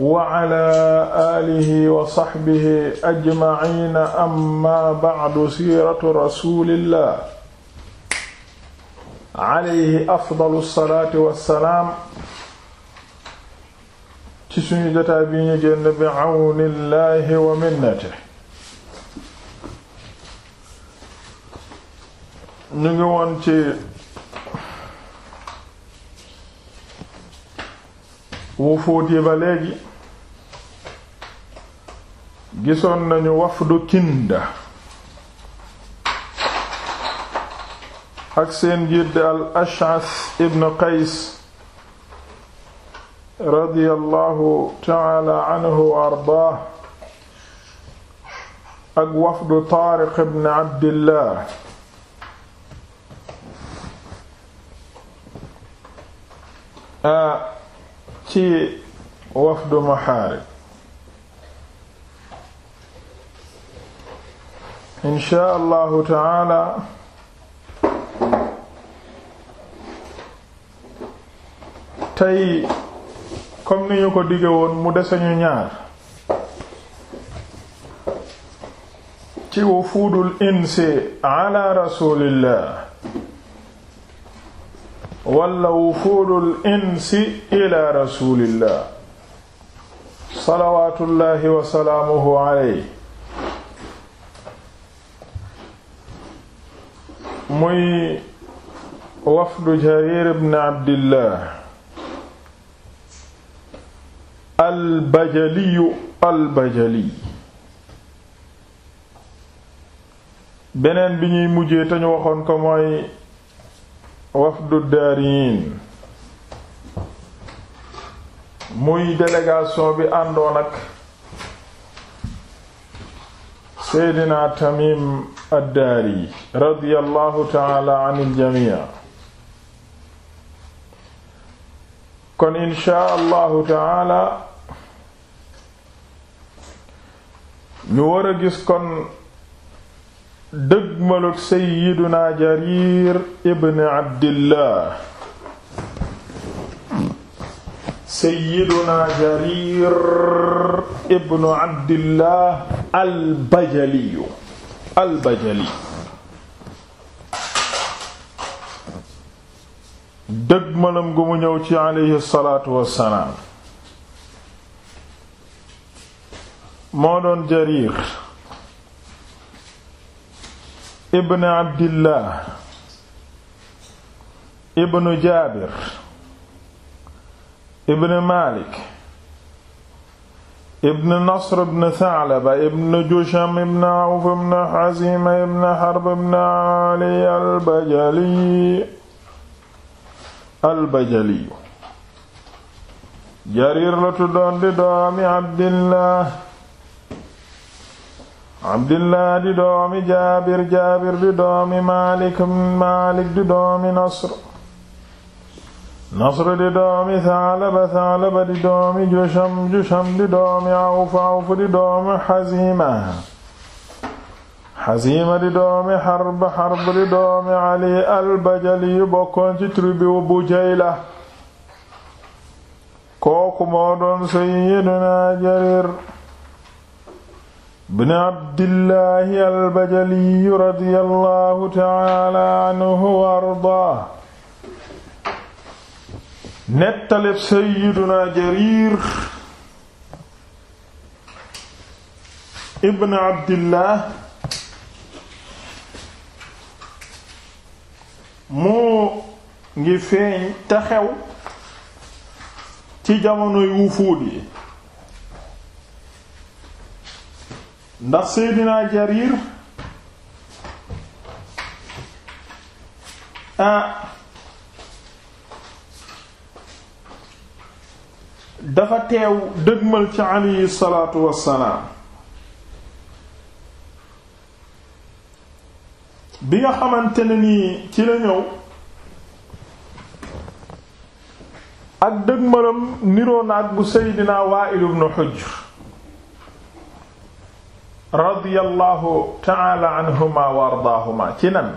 wa ala aalihi wa saxbihi ajmaciina amma bacdu siiratu rasulillah alayhi afdalu salaatu wa salaam ci suñu jotaay bi génn bi wa minnatihi ñu ngi woon ci wufuut yi ba léegi gisoon nañu wafdu Kinda ak seen jiit di al Ash'as ibn Qays radiyallahu ta'ala anhu wa ardaah ak wafdu Taariq ibn Abdillah ah, ci wafdu Mahaarib insha allahu taala tey comme ni ñu ko dige mu deseñu ñaar ci wufuudul insi ala rasulillah wala wufuudul insi ila rasulillah salawatullahi wa alayhi muy wafdu jarir ibn abdillah albajaliyu albajali beneen bi ñuy mujjee te ñu waxoon ko mooy wafdu daariyin muy délégation bi àndoon ak seydina tamim addaari radiyallahu taala an aljamii kon inshaa allahu taala ñu war a gis kon dëgmalug sayyiduna jarir ibn abdillah sayyiduna jarir ibn abdillah al bajaliyu al-Bajali dëgg malam gu mu ñëw ci moo doon Jarir ibn Abdillah ibn Jaabir ibn Maalik ibn Nasr ibn Tha'laba ibn Jusham ibn Awf ibn Hazim ibn Harb ibn Ali al-Bajali al-Bajali Jarir la tuddoon di doomi Abdillah Abdillah di doomi Jaabir Jaabir di doomi Maalik Maalik di doomi Nasr Nasr di doomi Saalaba Saalaba di doomi Jusham Jusham di doomi Awf Awf di doomi Hazima Hazima di doomi Harb Harb di doomi Ali al-Bajali yu bokkoon ci tribu Bujayla kooku moo doon Sayyidina Jarir ibn Abdillahi al-Bajali radiyallahu ta'ala anhu wa ardaahu nettaleb sayyiduna jarir ibn abdillah moo ngi feeñ te xew ci jamonoy wufuud yi ndax seydina jarir ah dafa teew dëgmal ci aleyhi salaatu wassalaam bi nga xamante ne nii ci la ñëw ak dëgmalam niroo ak bu seydina Waa'il ibn Hujr radiyallahu ta'ala anhuma wa ardaahuma ci nan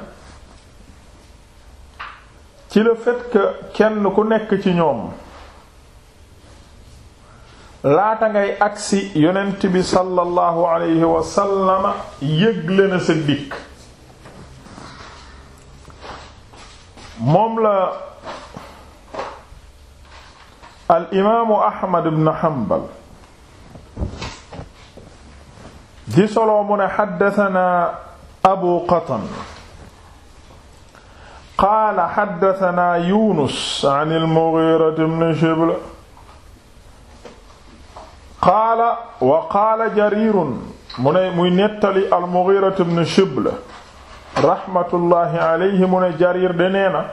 ci le fait kenn ku nekk ci ñoom laata ngay agsi yonent bi sallallahu alayhi wa sallama yëgle na sa dikk al imaamu ahmad ibn hanbal di soloo mu ne xaddatanaa abu qatan qaala xaddatanaa yunus an al mughira ibn shibl qaala wa qaala jarirun mu ne muy nettali al-Mughira ibn Shibl rahmatullahi alayhi mu ne jarir de nee na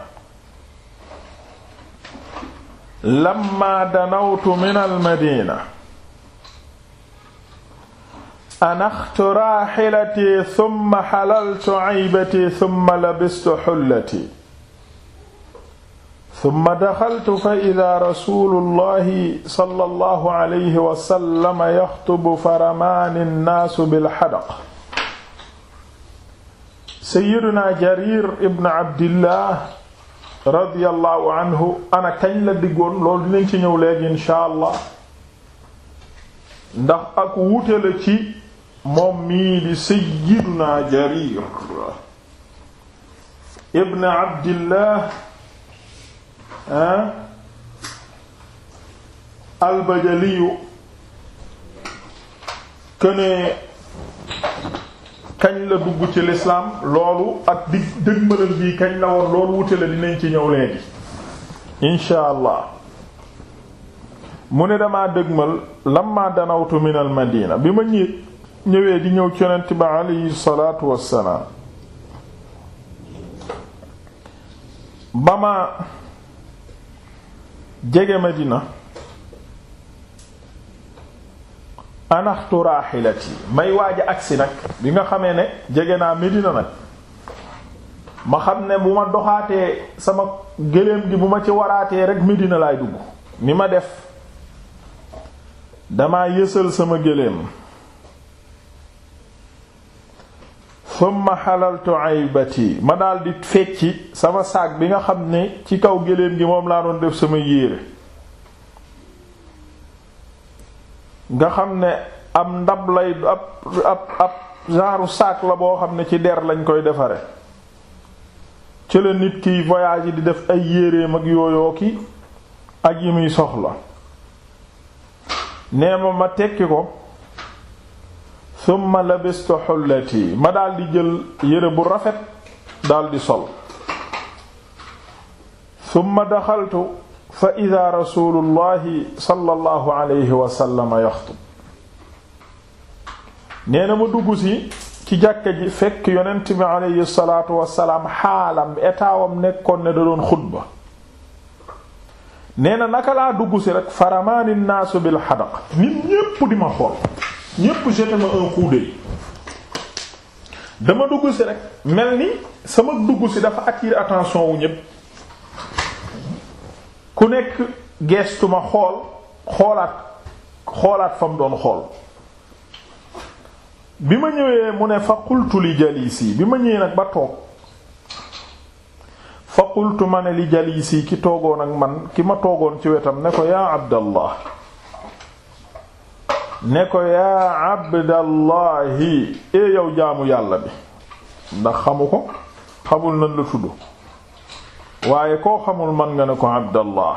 lamma danawtu min al-Madina anaxtu raaxilati summa xalaltu caybati summa labistu xullati summa daxaltu fa ida rasulullahi sallallahu alayhi wa sallam yaxtubu fa ramaani nnaasu bilxadaq sayyiduna jarir ibn abdillah radiyallahu anhu ana kañ la diggoon loolu dinañ ci ñëw léegi incha allah ndax ak wuute la ci moom mii di sayyiduna jarir ibn abdillah albajaliyu kënee kañ la dugg ci lislaam loolu ak dig dëgmalal bii kañ la woon loolu wute la dinañ ci ñëw léegi insha allah mu ne damaa dëgmal lamma danawtu min madina bi ma ñiit ñëwee di ñëw ci yonent ba salaatu wassalaam ba jege ma Madina anaxtu raaxilati may waaj a agsi nag bi nga xamee ne jege naa Medina nag ma xam ne bu ma doxaatee sama gëléem gi bu ma ci waraatee rek dina laay dugg ni ma def damaa yësal sama gëléem summa xalaltu aybati ma daldi fecci sama saag bi nga xam ne ci kaw géléem gi moom laa doon def sama yéere nga xam ne am ndab lay ab ab ab genre saak la boo xam ne ci der lañ koy defare cëla nit kiy voyage yi di def ay yéreem ak yooyoo ki ak yi muy soxla nee ma ma tekki ko thumma labistu xullati ma daldi jël yére bu rafet daldi sol thumma daxaltu fa ida rasulullahi sallallahu alayhi wa sallam yaxtub nee na ma dugg si ci jàkka ji fekk yonent bi alayhi salaatu wasalaam xaalam etaawam nekkoon ne da doon xutba nee na naka laa dugg si rek bil xadaq nit ñépp di ma xool ñépp jeté ma un coup dama dugg si rek mel ni sama dugg si dafa attirer attention wu ñépp ku nekk geestu ma xool xoolaat xoolaat fa mu doon xool bi ma ñëwee mu ne fa qultu li jalisi bi ma ñëwee nag ba toog fa ma ne li jalisi ki toogoon ak man ki ma toogoon ci wetam ne ko yaa abdallah ne ko yaa abdallahi e yow jaamu yàlla bi ndax xamu ko xamul nan la tudd waaye koo xamul man nga ne ko abdallah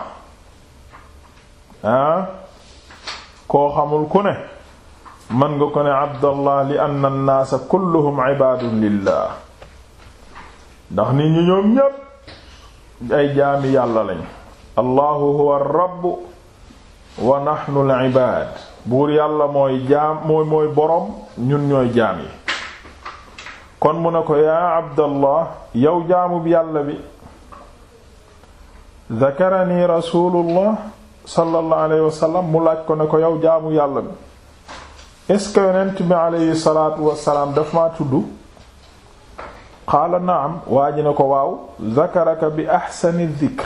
ah koo xamul ku ne man nga ko ne abdallah li anna an-naasa kulluhum ibaadun lillah ay jaami yàlla lañ allahu huwa ar wa nahnu al-ibaad buur yàlla mooy jaam mooy boroom ñun ñooy jaam yi kon mu ne ko yaa abdallah yow jaamub yàlla bi zakarani rasulullah sallallahu alayhi wasallam mu laaj ko ne ko yow jaamu yàlla bi est-ce que yonent bi alayhi salaatu wasalaam daf ma tudd qaala naam waa ne ko waaw zakaraka bi ahsani dhikr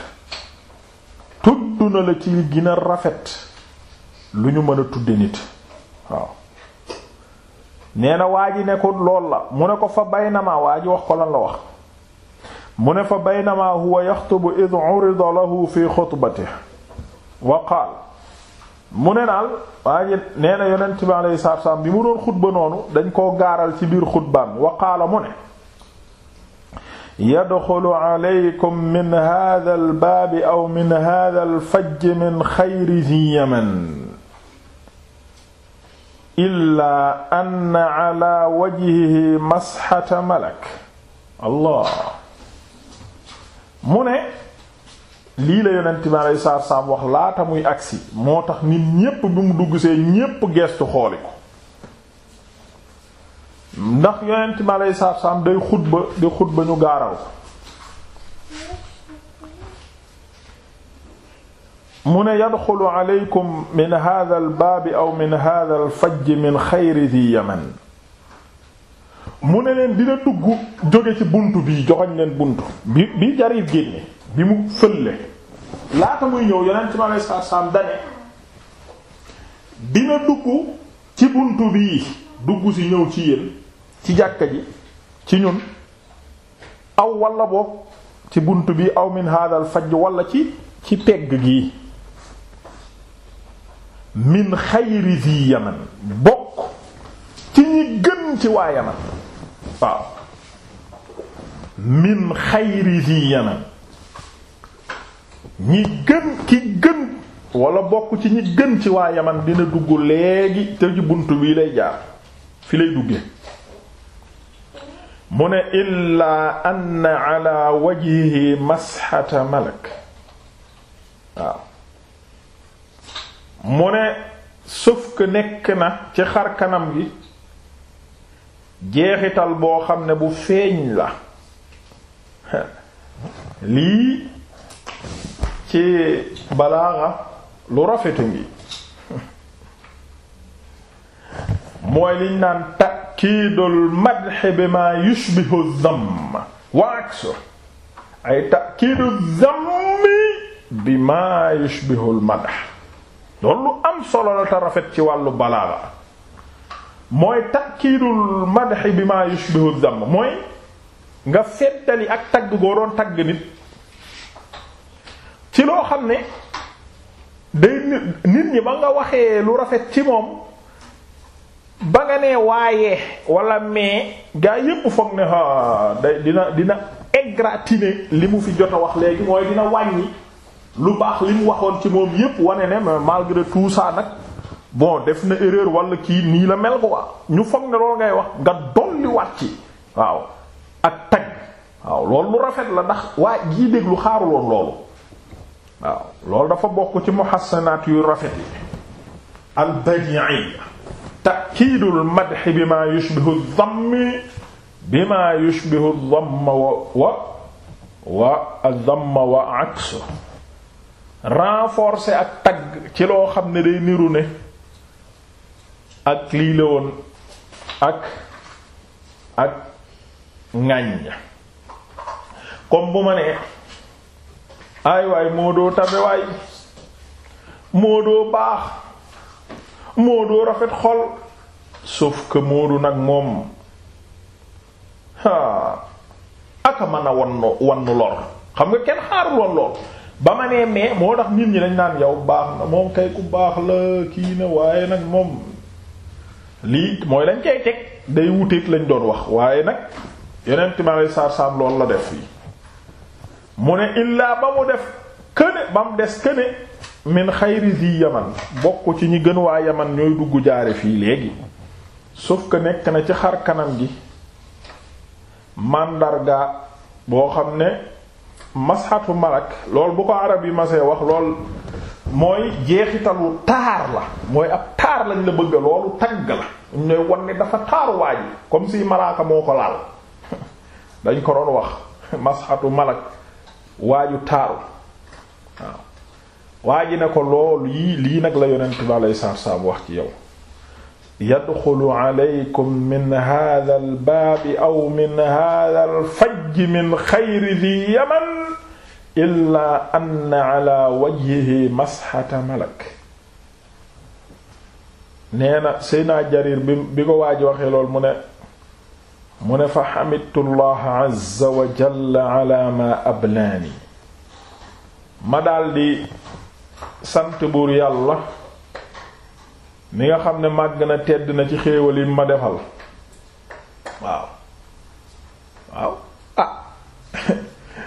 tudd na la ci gën rafet lu ñu mën a tudde nit waaw nee na waa ji ne ko lool la mu ne ko fa baynama waa ji wax ko lan la wax mu ne fa baynama huwa yaxtubu id urida lahu fi xutbatihi wa qaal mu ne daal waa ji nee na yonent bi salaam bi mu doon xutba noonu dañ koo gaaral ci biir xutbaam wa qaala mu ne yadxulu aleykum min haadha al aw min haadha al min xayri zi yaman illaa anna ala wajhihi masxata malak allah mu ne lii la yonent bi aleyhi salaatu wax laata muy agsi moo tax nit ñépp bi mu dugg see ñépp geestu xooli ko ndax yonent bi aleyhi salaatu day xutba di xutba ñu gaaral ko mu ne yadxulu aleykum min hada albaabi aw min hada alfajji min xayri di yaman mu ne leen dina dugg jóge ci bunt bi joxoñ leen bunt bi bi jariir génne bi mu fëlle laata muy ñëw yonent mi aleyhi salaatu salaam dane dina dugg ci bunt bii dugg si ñëw ci yéen ci jàkka ji ci ñun aw walla boog ci bunt bi aw min hada alfajji walla ci ci pegg gi min xayri zi yaman bokk ci ñi gën ci waa yaman waaw min xayri zi yaman ñi gën ki gën wala bokk ci ñi gën ci waa yaman dina dugg léegi te ci bunt bii lay jaar fi lay dugge mu ne illaa anna ala wajhihi masxata malak waaw mu ne sauf que nekk na ci xar kanam gi jeexital boo xam ne bu feeñ la lii ci balaaxa lu rafeta ngi mooy liñ naan takiidul madh ma yushbihu dhamm wa aksu ay takiidu dhammi bima yushbihu al madh loolu lu am solo lata rafet ci wàllu balaaga mooy takkiidul madxi bi ma yushbihu damm mooy nga feddali ak tagg goo doon tagg nit ci loo xam ne day nit ñi ba nga waxee lu rafet ci moom ba nga ne waaye walla mais gaa yépp foog ne day dina dina égratigner li mu fi jot a wax léegi mooy dina wàññi lu baax li mu waxoon ci moom yépp wane ne malgré tout saa nag bon def na erreur wala kii nii la mel ko waa ñu foog ne loolu ngay wax nga dolli waat ci waaw ak tag waaw loolu lu rafet la ndax waa jii déglu xaaruloon loolu waaw loolu dafa bokk ci muhassanaat yu rafet yi al badi'iyya ta'kiidul madh bima yushbihu dhamm bima yushbihu dhamm wa wa wa dhamm wa aksu renforcer ak tagg ci loo xam ne day niru ne ak lii la woon ak ak ŋàññ comme bu ma nee ay waay moo doo tabe waay moo doo baax moo doo rafet xol sauf que moodu nag moom haa aka mën a wannu wannu lor xam nga kenn xaarul lool ba ma nee mais moo tax nit ñi dañ daan yow baax na moom kay ku baax la kii na waaye nag moom lii mooy lañ cay teg day wuteeg lañ doon wax waaye nag yeneen timaare saar saam loolu la def fii mu ne illaa ba mu def këne ba mu des këne min xayri zi yaman bokk ci ñi gën waa yaman ñooy dugg jaare fii léegi sauf que nekk na ci xar kanam gi màndarga boo xam ne masxatu malak lool bu ko arab yi masee wax lool mooy jeexitalu taar la mooy ab taar lañ la bëgg loolu tagg la ñu lay wan ne dafa taar waaj comme si malaaka moo ko laal dañ ko doon wax masxatu malak waaju taaru waaw waa ji ne ko loolu yii lii nag la yonent bi aleyhi salaatu wa salaam wax ci yow yadxulu alaykum min hada albaabi aw min hada alfajji min xayri di yaman illa ann ala wajhihi masxata malak nee na Seydina Jarir bi bi ko waaj waxee lool mu ne mu ne fa xamidtu llaha azza wa jalla ala ma ablaani ma daldi sant buur yàlla mi nga xam ne màgg na tedd na ci xéewal yi ma defal waaw waaw ah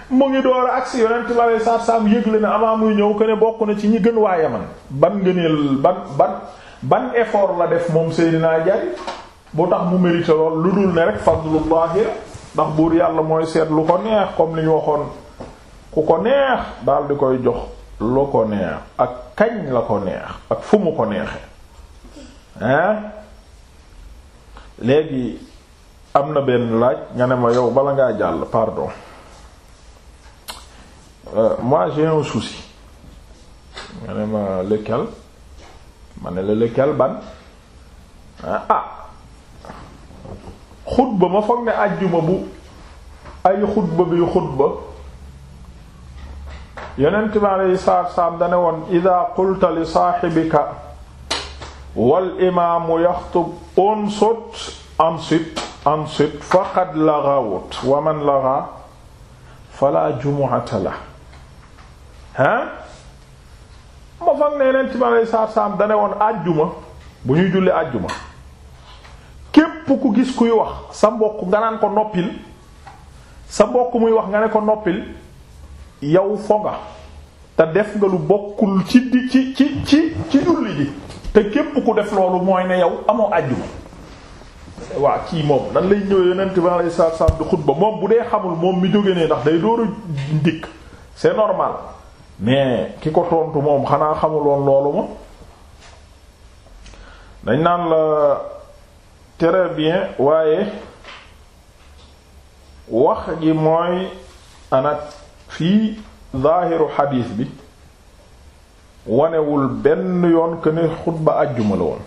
mu ngi door a agsi yonent bi alei saatu yëgle na avant muy ñëw que ne bokk na ci ñi gën waa man ban ngëneel ban ban ban effort la def moom Seydina Jarir boo tax mu mérite lool lu dul ne rek fadlullahi ndax buur yàlla mooy seet lu ko neex comme li ñu waxoon ku ko neex daal di koy jox lu ko neex ak kañ la ko neex ak fu mu ko neexee hein léegi am na benn laaj nga ne ma yow bala ngaa jàll pardon euh, moi j'ai un souci nga ne ma lequel ma ne la lequel ban ah xutba ma foog ne àjjuma bu ay xutba bi xutba yonent bi alayhi salaatu wa salaam woon ida qulta li saaxibika wal imaamu yaxtub unsut ansit ansit faqad laghawut wa man lagha fala jumu'ata la hein ma fag ne yeneen time saar saam dane woon àjjuma bu ñuy julli àjjuma képp ku gis kuy wax sa mbokk nga naan ko noppil sa mbokk muy wax nga ne ko noppil yow fo te def nga lu bokkul ci ci ci ci ci julli ji te képp ku def loolu mooy ne yow amoo àjjuma waa kii moom nan lay ñëw yonent bi alayhi salaatu salaam xutba moom bu dee xamul moom mi jóge ne ndax day dooru ndikk c'est normal mais ki ko tontu moom xanaa xamuloon loolu ma dañ naan la très bien waaye wax ji mooy anak fii zaahiru xadiis bi wanewul benn yoon que ne xutba àjjuma la woon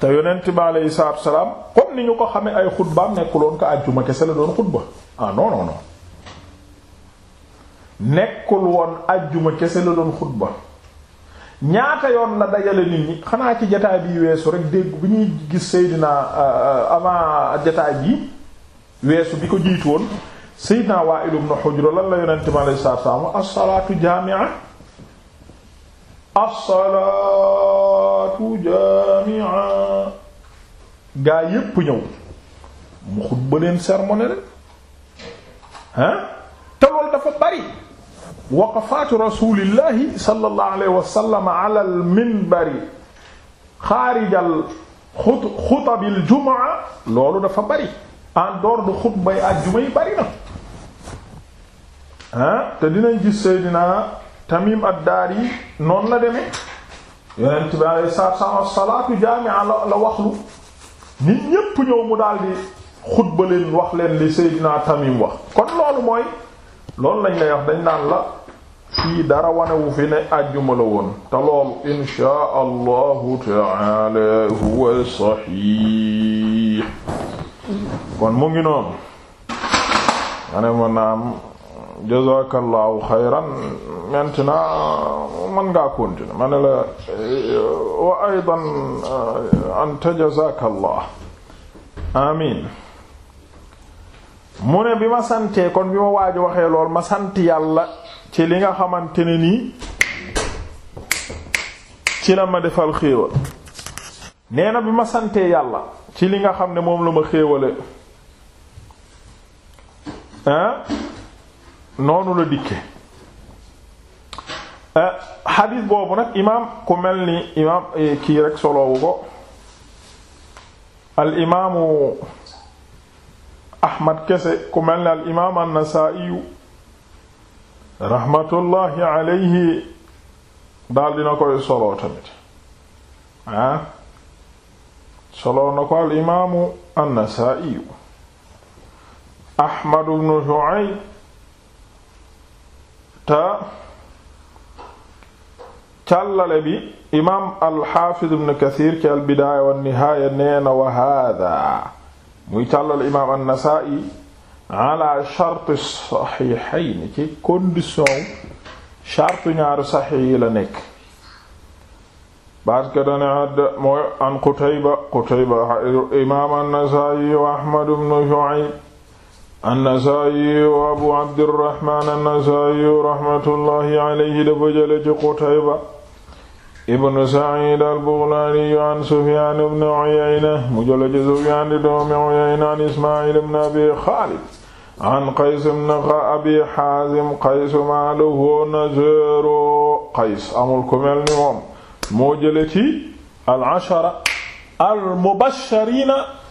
te yonent bi aleyhi salaatu wa salaam comme ni ñu ko xamee ay xutbaam nekkuloon ko àjjuma kese la doon xutba ah non non nekkul woon àjjuma kese la doon xutba ñaata yoon la dajale nit ñi xanaa ci jataay bi weesu rek dégg bi ñuy gis Seydina euh, euh, avant jataay bi weesu bi ko jiitu woon waa Wa'il ibn Hujr lan la yonent bi aleyhi salaatu salaam as-salaatu as-salaatu jaami'a gaa yépp ñëw mu xutba leen sermoné leen ah te loolu dafa bari waqafaatu rasulillahi sallallahu alayhi wa sallam ala al-minbari xaarijal xut xutabil jumaa loolu dafa bari en dehors de xutbay àjjuma yi bari na ah te dinañ gis Seydina Tamim ad-Dari noonu la demee yonent bi alayhi salaatu salaatu jaami'a la nit ñépp ñëw mu daal di xutba leen wax leen li Seydina Tamim wax kon loolu mooy loolu lañ lay wax dañ naan la fii dara wanewu fi ne àjjuma la woon te loolu inshaa allahu taala huwa sahih kon mu ngi noonu ma ne ma naam jazakallahu xayran maintenant man ngaa continuer ma ne la wa aydan anta jazakallah amin mu ne bi ma santee kon bi ma waaj waxee lool ma sant yàlla ci li nga xamante ne nii ci la ma defal xéewal nee na bi ma santee yàlla ci li nga xam ne moom la ma xéewale ah noonu la dikke eh, xadiis boobu nag imaam ku mel ni imaam eh, kii rek soloowu al imaamu ahmad kese ku mel ni al imaam an-Nasaa'iyu raxmatullaahi alayhi daal dina koy soloo tamit ah soloo na ko al imaamu an-Nasaa'iyu ahmad ibn te càllale bi imaam alxaafiz ibn kathir ci albidaaya wa nihaaya nee na wa hada muy càllale imaam annasai ala charte saxiixayn ci condition charte ñaari saxiix yi la nekk parce que dane add mooy an qutayba qutayba imaam annasai wa ahmad ibn shu'ayb annasaayi wa abu abdirahman annasaayi rahmatullahi alayhi dafa jële ci qutayba ibnu said al-baghlaani an sufyaan ibn uyayna mu jële ci sufyaan di doomi uyayna an ismail ibn abi xaalid an qays ibn abi xaazim qays maa lahu nazaru qays amul ku mel ni moom moo jële ci al-ashara al-mubashshariina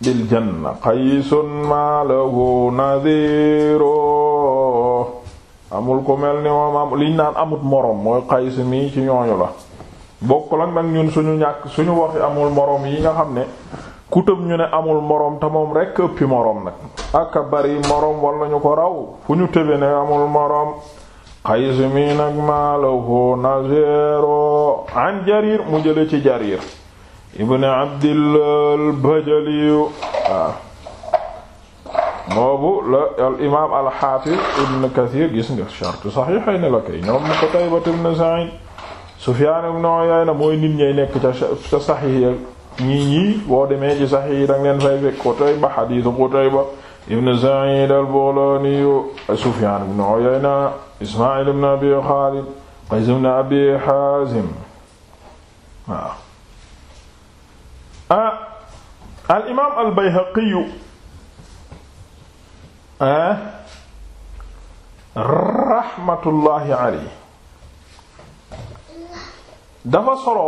bil jën na ma lahu nadhiro amul ko mel ni moom liñ naan amut morom mooy qays mi ci ñooñu la bokkul lan nag ñun suñu ñàkk suñu waxi amul moroom yi nga xam ne kutub ñu ne amul moroom te moom rekk ëppi moroom nag aka bari moroom wala ñu ko raw fu ñu tëbe ne amul moroom qays mi nag ma lahu nadhiro an jarir mu jële ci jarir ibn abdillah albajaliyu waaw boobu la al imaam al xaafis ibn kathir gis nga shartu saxiixay ne la koy ñoom mu ko taybat ibn sa'id sufyaan ibn uyayna mooy nit ñay nekk ca ca saxiix ya ñii ñii boo demee ci saxiix yi dang leen fay fekk qutayba xadiisu qutayba ibn sa'id al baghlaaniyu sufyaan ibn uyayna ismaa'il ibn abi xaalid qays ibn abi haazim waaw Ah, al imaam al bayhaqiyu ah, raxmatullaahi aley dafa solo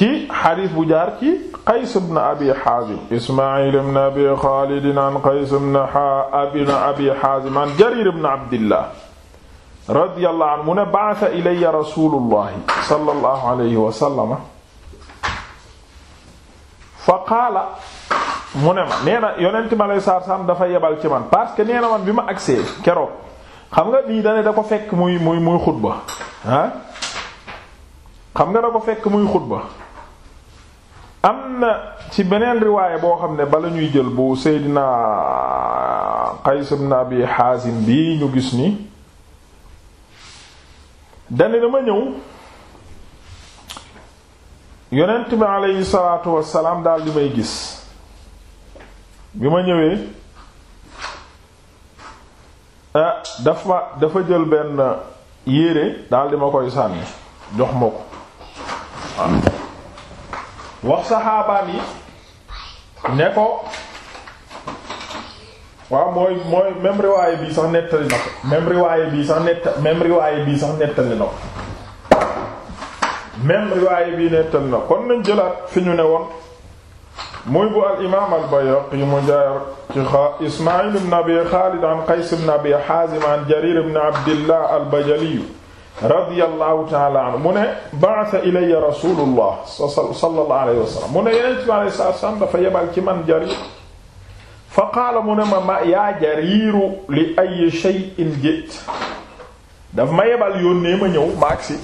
ci xadiis bu jaar ci qays ibn abi xaazim ismail ibn abi xaalid an qays ibn abi xaazim an jarir ibn abdillah radiyallahu anhu mu ne ba'atha ilayya rasuulullaahi sallallaahu alayhi wa sallam fa qaala mu ne ma nee na yonent ma lay saar saam dafa yebal ci man parce que nee na man bi ma agsee keroog xam nga lii dane da ko fekk muy muy muy xutba ah xam nga da ko fekk muy xutba am na ci beneen riwaaya boo xam ne bala ñuy jël bu Seydina Qays ibn Abi Haazim bii ñu gis ni dane dama ñëw yonent bi aleyhi salaatu wassalaam daal di may gis bi ma ñëwee ah dafa dafa jël benn yére daal di ma koy sànni jox ma ko wax saxaabaan yi ne ko waaw mooy mooy même riwaaye bii sax nettali na ko même riwaaye bii sax nett bii sax nettali na ko même riwaaya bii nettal na kon nañ jëlaat fi ñu ne woon muy bu al imaam al Bayhaqi mu jaar ci Ismaïl ibn Abi Xaalid an Qays ibn Abi Haazim an Jarir ibn Abdillah al Bajali radiyallahu ta'ala anhu mu ne ba'atha ilayya rasulullah sallallahu alayhi wa sallam mu ne yeneen ci alayhi salaam dafa yebal ci man Jarir fa qaala mu ne ma ma yaa Jariru li ayyi shay'in ji'ta daf ma yebal yónnee ma ñëw ma agsi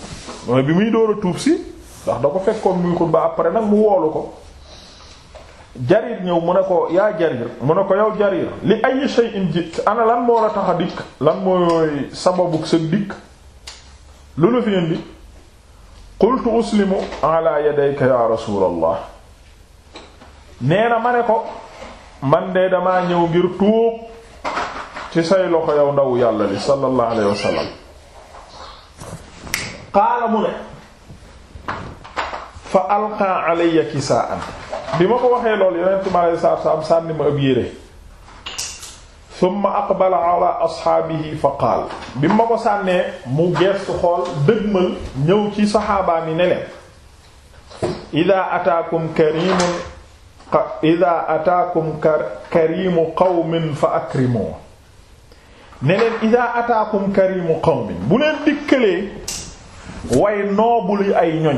mooy bi muy door a tuub si ndax da ko fekkoon muy xutba après nag mu woolu ko jarir ñëw mu ne ko yaa jarir mu ne ko yow jarir li ay shay'in jit ana lan moo la tax a dikk lan mooy sababu sa dikk lu la fi indi qultu uslimu ala yadayka ya rasulallah nee na ma ne ko man de damaa ñëw ngir tuub ci say loxo yow ndaw yàlla li sallallahu alayhi wasallam qaala mu ne fa alqa alayya kisaan bi ma ko waxee lool yonent mi alayhi sànni ma ab yére summa aqbala ala asxaabihi fa qaal bi ma ko sànnee mu geestu xool dëgmal ñëw ci saxaabaa mi ne leen ida ataakum karimu ida ataakum karimu qawmin fa akrimoo ne leen ataakum karimu qawmin bu leen dikkalee way noobul yi ay ñoñ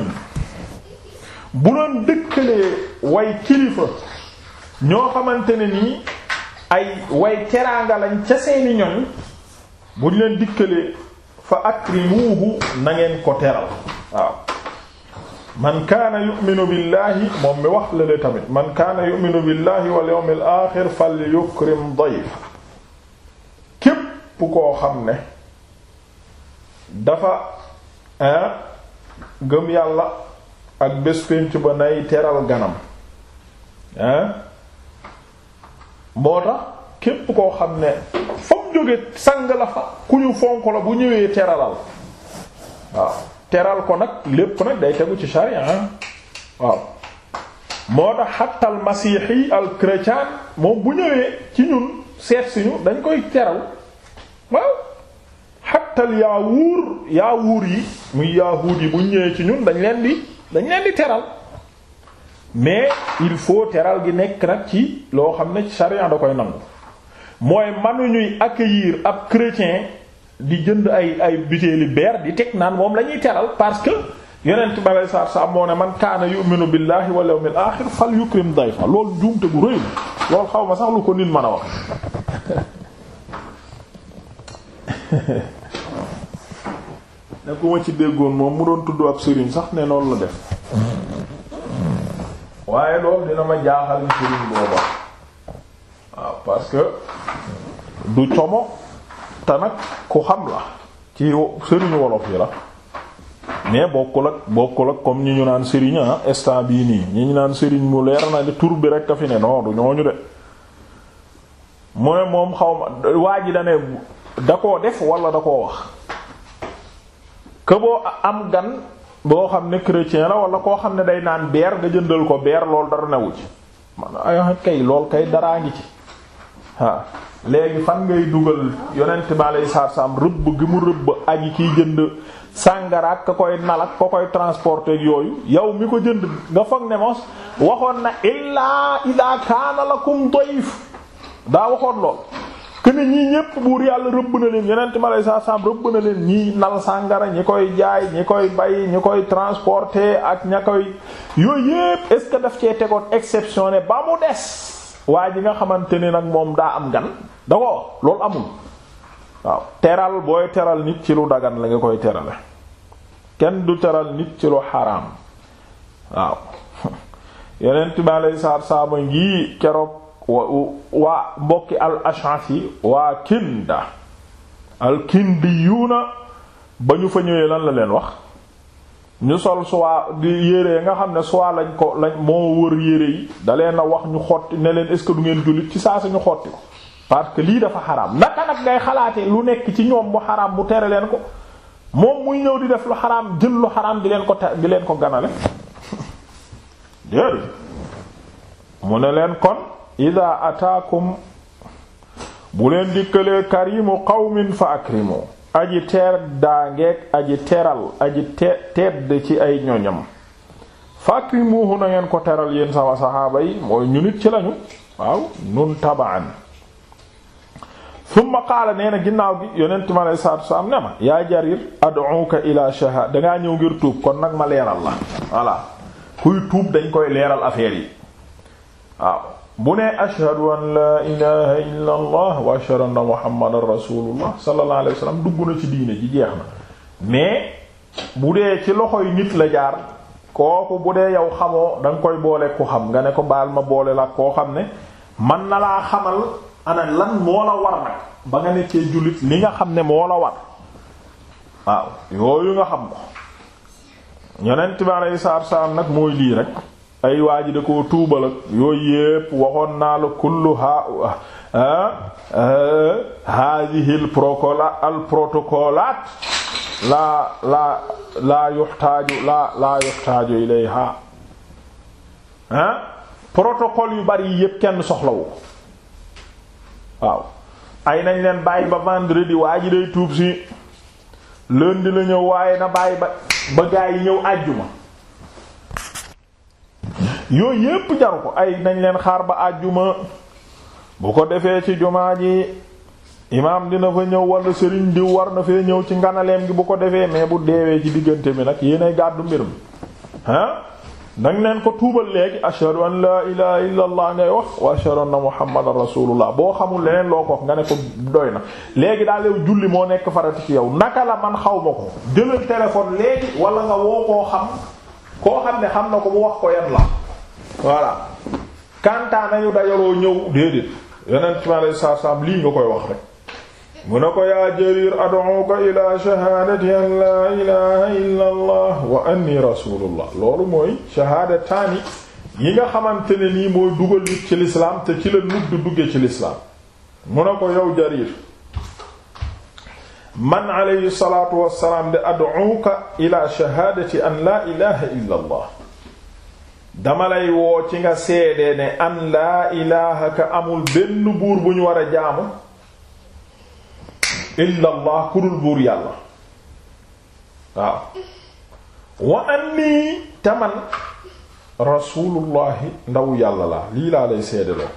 bu doon dëkkalee way kilifa ñoo xamante ne nii ay way teraanga lañ ca seeni ñoñ bu ñu leen dikkalee fa akrimuhu na ngeen ko teral waaw man kaana yu'minu billahi moom mi wax la le tamit man kaana yu'minu billahi wal yawmil aaxir falyukrim dayfa képp koo xam ne dafa Eh? gëm yàlla ak bés pénc ba nay teral ganam hein eh? moo tax képp koo xam ne fam jóge sang la fa ku ñu fonk la bu ñëwee teralal waaw teral ko nag lépp nag day tegu ci sharia ah. waaw moo tax xatta masiixi al chrétien moom bu ñëwee ci ñun seet si ñu dañ koy teral waaw xattal yaawuur wuur yi muy yahuud yi bu ñëwee ci ñun dañ leen di dañ leen di teral mais il faut teral gi nekk nag ci loo xam ne charia da koy nangu mooy mënuñuy accueillir ab chrétien di jënd ay ay butéeli beer di teg naan moom la ñuy teral parce que yonent bi alei satu salaam moo ne man kaana yu'minu billahi wal yawmil axir fal yukrim dayfa loolu juumte gu rëy la loolu xaw ma sax lu ko nit man a wax ne ku ma ci déggoon moom mu doon tudd ab sëriñ sax ne noonu la def waaye lool dina ma jaaxal ni sëriñ booba waaw parce que du como te nag ku xam la ci sëriñu wolof yi la mais bokkul ak bokkul ak comme ñi ñu naan sëriñ ah instant bii nii ñi ñu naan sëriñ mu leer na tur bi rek a fi ne non du ñooñu de mu moom xaw ma waa ji da ne da koo def wala da koo wax. que boo am gan boo xam ne chrétien la wala koo xam ne day naan beer nga jëndal ko beer loolu dara newu ci man ay kay lool kay daraa ngi ci waaw léegi fan ngay dugal yonent bi aleyhi salaatu salaam rëbb gi mu rëbb aji kiy jënd sàngaraak ka koy nalak ka koy transporter yooyu yow mi ko jënd nga foog ne mos waxoon na illaa idaa kaana lakum dayf daa waxoon lool que ne ñii ñépp buur yàlla rëbb na leen yeneen ma lay saa saam rëbb na leen ñii nal sàngara ñi koy jaay ñi koy bay ñi koy transporté ak ña koy yooyu yépp ce que daf cee tegoon exception ne ba mu des waa ji nga xamante ne nag moom daa am gan da loolu amul waaw teral booy teral nit ci lu dagan la nga koy terale kenn du teral nit ci lu xaraam waaw yeneen lay saa saama ngi keroog. waa mbokki al ash'as yi waa kinda al yuuna ba ñu fa ñëwee lan la leen wax ñu sol suwaa di yére nga xam ne suwaa lañ ko lañ moo wër yére yi da leen a wax ñu xotti ne leen est du ngeen jullit ci saa ñu xotti ko parce que lii dafa xaraam naka nag ngay xalaate lu nekk ci ñoom mu xaraam mu tere leen ko moom muy ñëw di def lu xaraam jël lu xaraam di leen ko te di leen ko ganale déedéet mu ne leen kon ida ataakum bu leen dikkalee karimu qawmin fa akrimu aji teer daangeeg aji teral aji tedd ci ay ñoñam fa akrimuhu na ngeen ko teral yéen sama saxaaba yi mooy ñu nit ci lañu waaw nun tabaan summa qaala nee ginnaaw gi yonent mi aleyhi salaatu salaam ne ma yaa jarir ad'uka ila shahaada dangaa ñëw ngir tuub kon nag ma leeral la voilà kuy tuub dañ koy leeral affaire yi waaw bu ne ashhadu an laa ilaha illa allah wa ashhadu anna muhammadan rasulullah sallallahu alayhi wa sallam dugg na ci diine ji jeex na mais bu dee ci loxo yi nit la jaar kooku bu dee yow xamoo da koy boole ku xam nga ne ko baal ma boole la koo xam ne man na laa xamal ana lan moo la war nag ba nga nekkee jullit li nga xam ne moo la war waaw yooyu nga xam ko yonent bi alayhi salaatu wa nag mooy lii rek ay waa ji da koo tuubal ak yooyu yépp waxoon naa la kullu ha haadihil procola al protocolaat laa laa laa yuxtaaju laa laa yuxtaaju ilayha ah protocole yu bari yi yépp kenn soxlawu ko waaw ay nañ leen bàyyi ba vendredi waa ji day tuub si lundi la ñëw waaye na bàyyi ba ba gaa yi ñëw àjjuma yooyu yépp jaru ko ay nañ leen xaar ba àjjuma bu ko defee ci jumaa ji imaam dina fa ñëw wala sëriñ diw war na fee ñëw ci nganaleem gi bu ko defee mais bu deewee ci diggante bi nag yéenay gàddu mbir mi ah nag neen ko tuubal léegi ashhadu an laa ilaha illa allah ngay wax wa ashhadu anna muhammadan rasulullah boo xamul leneen loo ko nga ne ko doy na léegi daal yow julli moo nekk farati ci yow naka la man xaw ma ko jëlal téléphone léegi walla nga woo koo xam koo xam ne xam na ko bu la voilà kantaa nañu dajaloo ñëw déedéet yeneen ci ma saa saam lii nga koy wax rek mu ne ko yaa Jarir ad'uka ila shahaadati an laa ilaha illa allah wa anni rasulullah loolu mooy shahaadataani yi nga xamante ne nii mooy dugal nit ci lislaam te ci la nudd dugge ci lislaam mu ne ko yow Jarir man alayhi salaatu wassalaam de ad'uka ila shahaadati an laa ilaha illa dama lay woo ci nga seede ne an laa ilaha ka amul benn buur bu ñu war a jaamu illa allah ku dul buur yàlla waaw wa anni taman rasulullahi ndaw yàlla la lii laa lay seede loo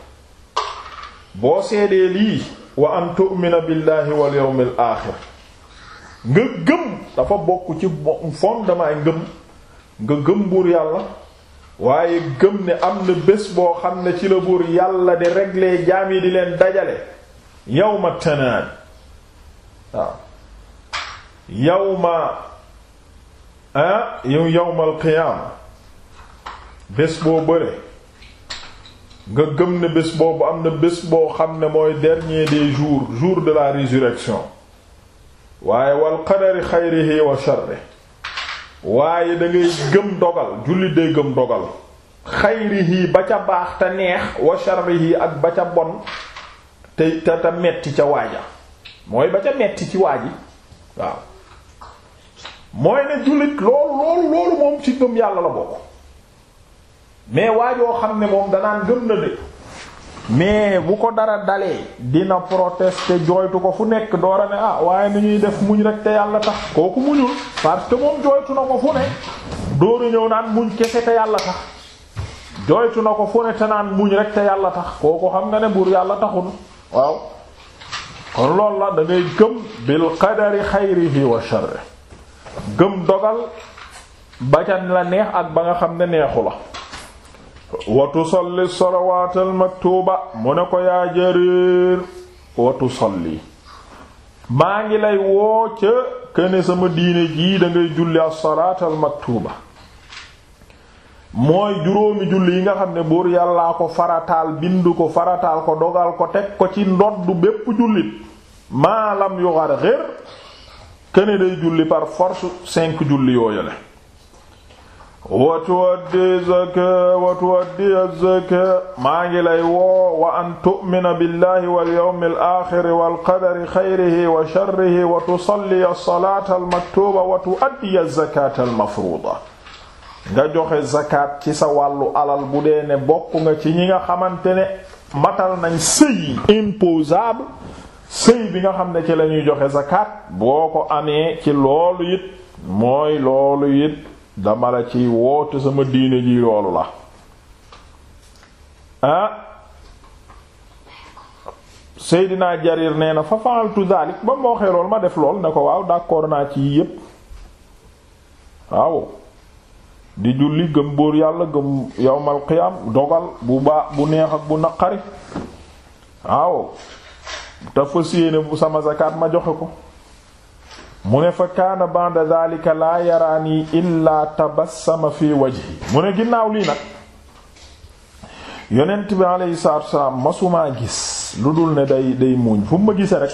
boo seedee lii wa an tu'mina billahi wal yawmil aaxir nga gëm dafa bokk ci fondement ay ngëm nga gëm buur yàlla waaye gëm ni am na bés boo xam ne ci la buur yàlla di régler jaam yi di leen dajale yawma tanaad waaw yawma ah yow yawmal qiyaama bés boo bëre nga gëm ne bés boobu am na bés boo xam ne mooy dernier des jours jour de la résurrection waaye wal qadari xayrihi wa waaye da gëm dogal jullit day gëm dogal xayrihi ba ca baax te neex wa sharrihi ak ba ca bon te te te metti ca waaja mooy ba ca metti ci waaji waaw mooy ne jullit loolu loolu loolu moom ci gëm yàlla la ko mais waajoo xam ne moom danaan gëm na de mais bu ko dara dalee dina protester jooytu ko fu nekk doora ne ah waaye ni ñuy def muñ rek te yàlla tax kooku muñul parce que moom jooytu na ko fu ne dooru ñëw naan muñ kese te yàlla tax jooytu na ko fu ne te naan muñ rek te yàlla tax kooku xam nga ne buur yàlla taxul waaw kon loolu la da ngay gëm bil qadari xayrihi wa sharri gëm dogal ba ca la neex ak ba nga xam ne neexu la wa tusalli salawaat almaktuuba mu ne ko yaa Jariir wa tusalli maa ngi lay woo ca këne sama diine jii dangay julli as-salaat al mooy juróomi julli yi nga xam ne buur yàllaa ko farataal bindu ko farataal ko dogal ko teg ko ci ndodd bépp jullit maalam yu xar xér këne day julli par force cinq julli yooyale wa tuwaddi zaka wa tuwaddi zaka maa ngi lay woo wa an tu'mina billahi wal yawmil aaxir wal qadari xayrihi wa sharrihi wa tusalliya salaata al maktuuba wa tuwaddi zakaata al mafruuda nga joxe zakat ci sa wàllu alal bu dee ne bokk nga ci ñi nga xamante ne matal nañ sëy imposable sëy bi nga xam ne ci la ñuy joxe zakat boo ko ci loolu it mooy loolu it. dama la ci woote sama diine ji loolu la ah Seydina Jarir nee na fa faaltu dalik ba mu waxee ma def lool ne ko waaw d'accord naa ci yépp waaw di julli gëm bóor yàlla gëm yawmal qiyam dogal bu baax bu neex ak bu naqari waaw te fas yéene bu sama zakat ma joxe ko mu ne fa kaana ba'da dhalika laa yaraani illaa tabassama fi wajhi mu ne ginnaaw lii nag yonent bi alayhi salaatu wassalaam masumaa gis lu dul ne day day muuñ fu ma gisee rek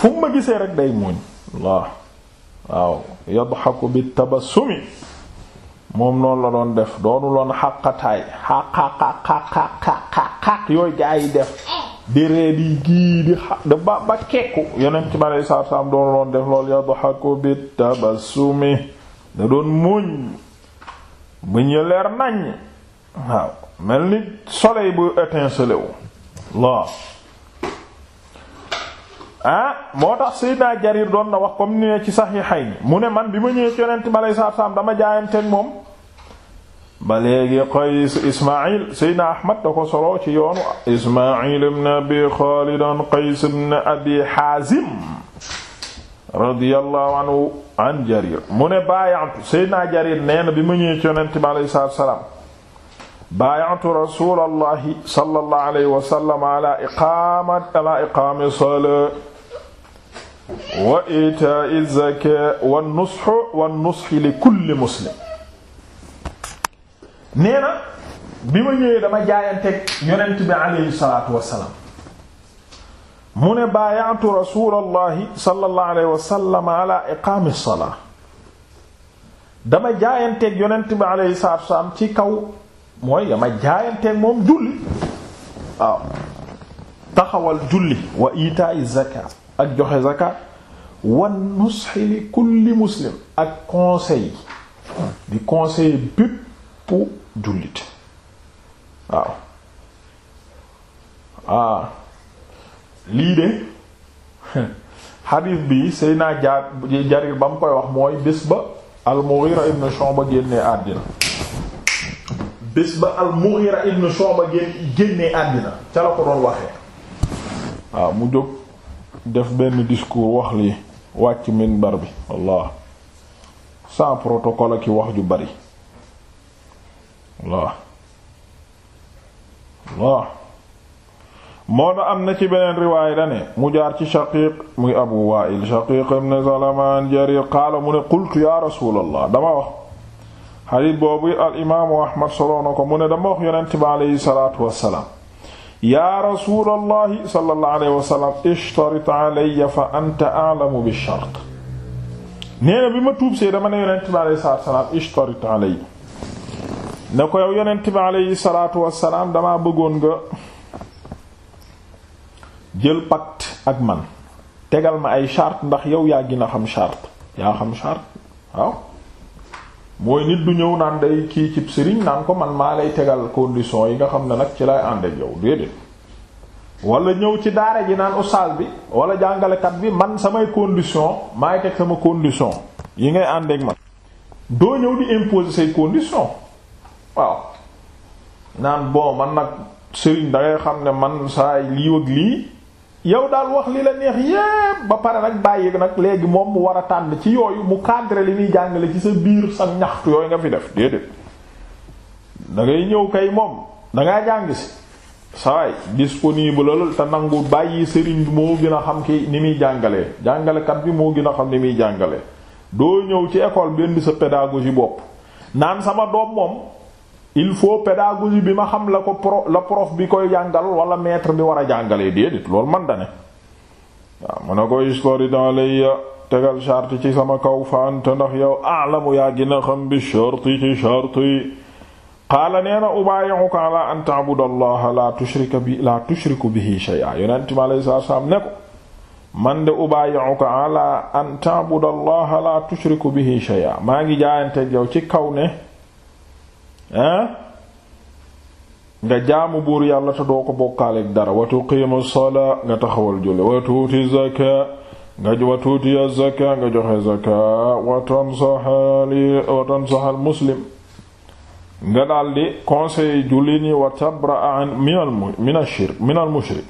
fu ma gisee rek day muuñ waaw waaw yadhaku bi la doon def doonu loon xaqataay def di ree di gii di xa da ba ba kekku yonent mi aleyhi salaatu salaam doon loon def lool yadhaku bit tabassumi da doon muuñ bu ñu leer nañ waaw mel ni soleil bu étincelé wu laa ah moo tax Seydina Jarir doon na wax comme ni ne ci Sahihayni mu ne man bi ma ñëwee ci yonent mi aleyhi salaatu salaam dama jaayanteek moom ba léegi qays ismail seydna ahmad da ko soloo ci yoonu ismail ibn abi xaalid an qays ibn abi haazim radiyallahu anhu an jarir mu ne baayaatu seydna jarir nee na bi mu ñëwee ci yonent bi alayhi salaatu wa salaam baayaatu rasulallahi sallallahu alayhi wa sallam ala iqaamat ala iqaami salaa wa iitaa'i zakaa wan nushi wan nushi li kulli muslim nee na bi ma ñëwee dama jaayanteeg yonent bi aleyhi salaatu wassalaam mu ne baayaatu rasulallahi sallallahu alayhi wa ala iqaami dama jaayanteeg yonent bi aleyhi salaatu wassalaam ci kaw mooy dama jaayanteeg moom julli waaw taxawal julli wa itaa'i zakat ak joxe zakat wan nusxi li kulli muslim ak conseil di conseil bépp jullit waaw ah lii de xadiis bi Seydina jaar Jarir ba mu koy wax mooy bés ba al-Mughira ibn Shu'ba génnee àddina bés ba al-Mughira ibn Shu'ba génnee àddina ca la ko doon waxee waaw mu jóg def benn discours wax lii wàcc minbar bi wallah sans protocole ki wax ju bari Allah Allah moo na am na ci beneen riwaay dane mu jaar ci shaqiiq muy abu wa'il shaqiiq ibn salama an jarir qaala mu ne qultu ya rasulallah dama wax xadiis boobu al imaamu ahmad soloo na ko mu ne dama wax yonent bi aleyhi salaatu wassalaam ya rasulallahi sallallahu alayhi wasallam ishtarit alayya fa anta a'lamu bi shart nee na bi ma tuub see dama ne yonent bi aleyhi salaatu wassalaam ishtarit alayya ne ko yow yonent bi aleyhi salaatu salaam damaa bëggoon nga jël pacte ak man tegal ma ay chart ndax yow yaa gën a xam charte yaa xam charte waaw mooy nit du ñëw naan day kii cib sëriñ naan ko man maa lay tegal condition yi nga xam ne nag ci lay ànd ak yow déedéet wala ñëw ci daare ji naan ustaas bi wala jàngalekat bi man samay condition maay teg sama condition yi ngay ànd ak man doo ñëw di imposer say condition waaw naan bon man nag sëriñ dangay ngay xam ne man saay lii wëg lii yow daal wax lii la neex yépp ba pare nag bàyyi nag léegi moom mu war a tànn ci yooyu mu cadre li muy jàngale ci sa biir sa ñaxtu yooyu nga fi def déedéet da ngay ñëw kay moom dangaa jàng si sawaay disponible te nangu bàyyi sëriñ bi moo gën a xam ki ni muy jàngalee jàngalekat bi moo gën a xam ni muy jàngale doo ñëw ci école bi indi sa pédagogie bopp naan sama doom moom il faut pédagogie bi ma xam la ko pro prof bi koy jàngal wala maître bi war a jàngalee déedéet loolu man da ne waaw mu ko histoire dalayya eh, tegal charte ci sama kaw fa anta ndax yow alamu yaa gën a xam bi sharti ci sharti qaala nee na ubaayi'uka ala an ta'budallaha la bi la tushriku bihi shay'a yonent mi alayhi salaatu salaam ne maa ngi jaayanteeg yow ci kaw ne ah nga jaamu buur yàlla te doo ko bokkaaleeg dara wa tuqiimu salaa nga taxawal julli wa tuuti zaka nga wa tuuti nga joxe zaka wa tansaxal muslim nga daldi conseil julli ni wa tabraa minal minal shirk minal mushrik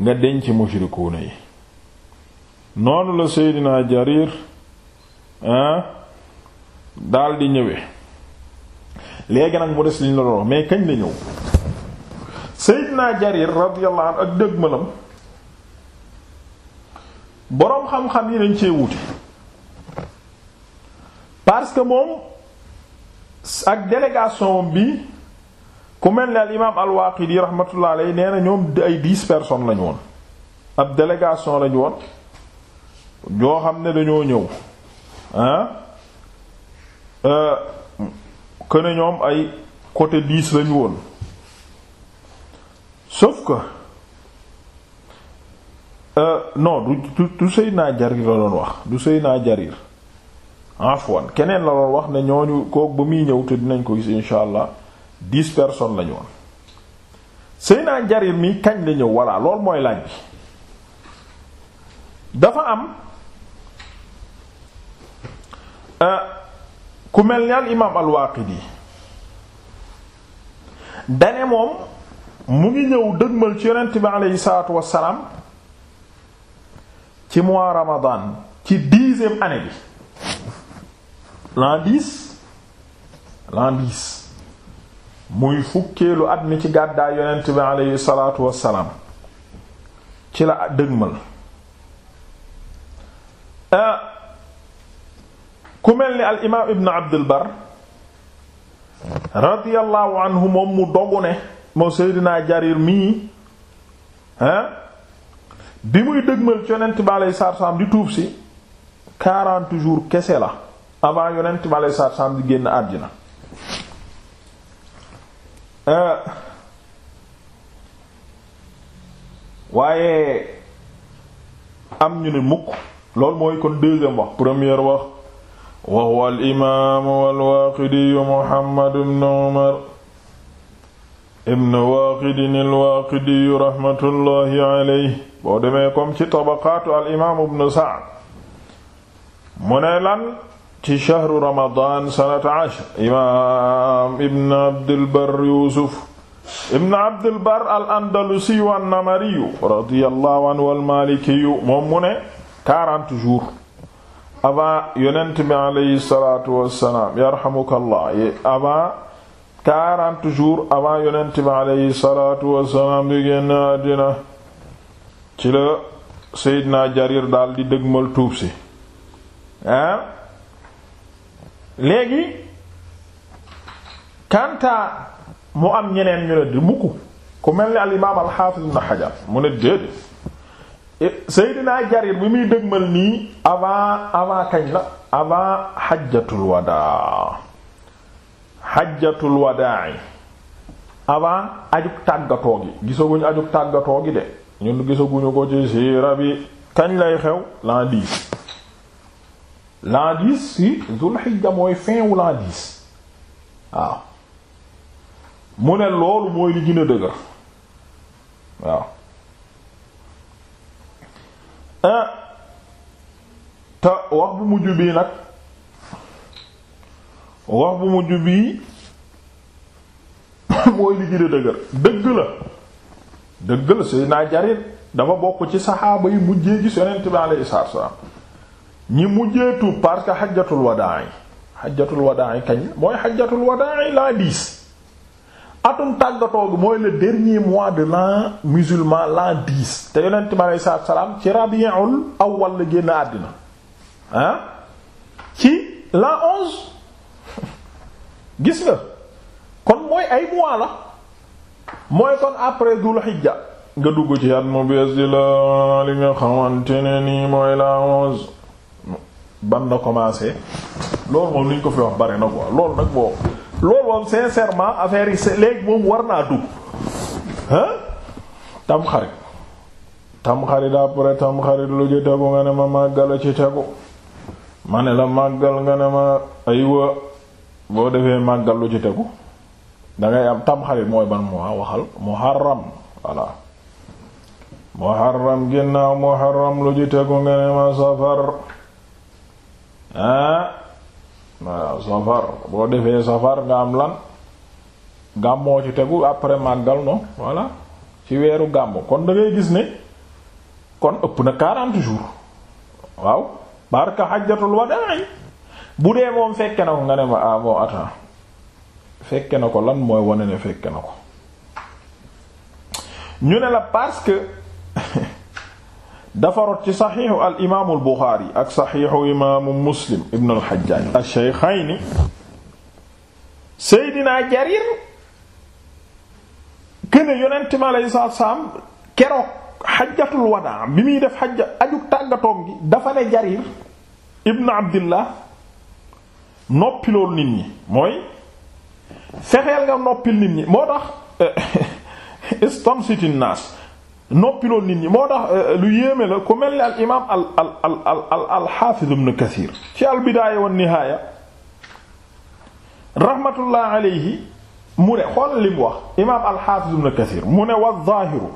nga denc mushrikuuna yi noonu la seydinaa jarir ah daldi ñëwee léegi nag mu des liñ la doon mais kañ la ñëw Seydina Jarir radiyallahu anhu ak dëgmalam boroom xam-xam yi dañ cee wuute parce que moom ak délégation bi ku mel ne al imaam al-Waaqidi rahmatullah alayhi nee na ñoom ay dix personnes lañu woon ab délégation lañu woon joo xam ne dañoo ñëw ah, euh, këne ñoom ay côté dix lañu woon sauf que euh, non du du Seydina Jarir la doon wax du Seydina Jarir afwan keneen la doon wax ne ñooñu kook ba muy ñëw te dinañ ko gis insha allah dix personnes lañu woon Seydina Jarir mi kañ la ñëw voilà loolu mooy laaj bi dafa am. Euh, ku mel ni al imaam al-Waaqidi dane moom mu ngi ñëw dëgmal ci yonent bi aleyhi salaatu wassalaam ci mois Ramadan ci dixième année bi l'an dix l'an muy fukkeelu at mi ci gàddaay yonent bi aleyhi salaatu wassalaam ci la dëgmal euh, ku mel ni al imaam ibn abdul bar radiyallahu anhu moom mu dogu ne moo seydinaa jarir mii hein bi muy dëgmal ci yonent bi aleyhi salaatu di tuub si quarante jours kese la avant yonent bi aleyhi salaatu di génn àddina euh, waaye am ñu ne mukk loolu mooy kon deuxième wax première wax wa huwa al-imaamu wal-Waaqidiyu Muhammad ibn Umar ibn Waaqidin al-Waaqidiyu raxmatullaahi alayhi boo demee comme ci tabaqaatu al-imaam lan ci shahru Ramadan sanata ashar imaam ibn Abdul Barr Yuusuf ibn Abdul Barr al-Andalusiyu an-Namariyu radiyallaahu anhu wal avant yonent bi salaatu wassalaam yarhamukallah avant quarante jours avant yonent bi aleyhi salaatu wassalaam di génn àddina ci la Seydina Jarir daal di dëgmal tuub si ah léegi kantaa mu am ñeneen ñu ne di mukk mel ni al imaam al xaafis ibn Hajar mu ne Seydina Jarir bi muy dëgmal nii avant avant kañ la avant xajjatul wadaa xajjatul wadaa avant ajug tàggatoo gi gisaguñu ajug tàggatoo gi de ñun gisaguñu ko ci siira bi kañ lay xew l'an dix l'an dix si mooy fin wu l'an waaw mu ne loolu mooy li gën dëgër waaw Ah. te wax bu mujj bii nag wax bu mujj bii mooy li gën dëgër dëgg la dëgg la Seydina Jarir dafa bokk ci saxaaba yi mujjee gis yonent bi alayhi salaatu wa ñi mujjee tuub parce que xajjatul wadaa yi kañ mooy xajjatul wadaa laa diis atum tàggatoo gi mooy le dernier mois de l'an musulman l'an dix te yonent bi aleyhi salaam ci rabiul awwal la génn àddina ah ci l'an onze gis nga kon mooy ay mois la mooy kon après dul xijja nga dugg ci at mu bees di la li nga xamante ne nii mooy l'an onze ban na commencé loolu moom li ñu ko fi wax bari na quoi loolu nag boo moom sincèrement affaire yi léegi moom war naa dugg ah tam xarit tam xarit après tam xarit lu ji tegu nga ne ma màggala ci tegu ma ne la màggal nga ne ma aywa boo defee màggal lu ci tegu dangay am tam xarit mooy ban mois waxal muharram voilà muharram ginnaaw muharram lu ji tegu nga ne ma safar waaw safar boo defee safar nga am lan gàmmoo moo ci tegu après màggal no voilà ci weeru gàmm kon da gis ne kon ëpp na 40 jours waaw barka xajjatul wadaa bu dee moom fekke na ko nga ne ma ah bon fekke na ko lan mooy wane ne fekke na ko ñu ne la parce dafa rot ci saxiixu al imaamu al buxaari ak saxiixu imaamu muslim ibn al xajjaaj al sheykhayni seydina jarir këne yonent mi aleyhi salaatu salaam keroog xajjatul wadaa bi muy def xajja aju tàggatoom gi dafa ne jarir ibn abdillah noppi nit ñi mooy fexeel nga noppil nit ñi moo tax istamsitin naas noppiloon nit ñi moo tax euh, lu yéeme la ku mel ni al imaam al al al al alxaafiz ibn Kathir ci al bidaaya wan nihaaya rahmatullah alayhi mu ne xool li mu wax imaam alxaafiz ibn Kathir mu ne wa zaahiru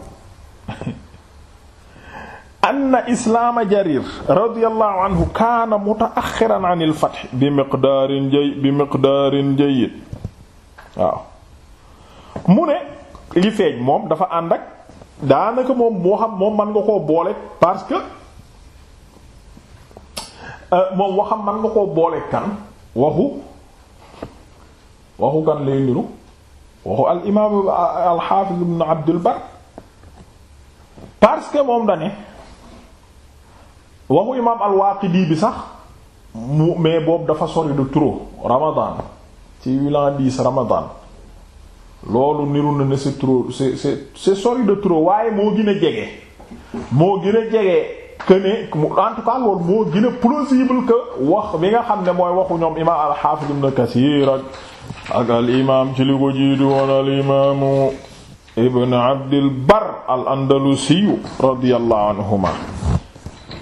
anna islaama jarir radiyallahu anhu kaana mutaaxiran an il fath bi miqdaarin jay waaw mu ne li feeñ moom dafa ànd daanaka moom moo xam moom man nga koo boole parce que euh, moom waxam mën nga koo boole kan waxu waxu kan lay niru waxu al imaam euh, al xaafiz abdul bar parce que moom dane waxu imaam al waaqidi bi sax mu mais boobu dafa sori du trop ramadan ci wilan diis ramadan loolu niru na ne c'est trop c'est c'est c'est de trop waaye moo gina a jege moo gën a jege que ne en tout cas moo gën a plausible wax bi nga xam ne mooy waxu ñoom imaam al-Hafiz Ibn Kathir ak ak al imaam ci li ko jiitu woon al imaamu Ibn Abdil al-Andalusi radiyallahu anhuma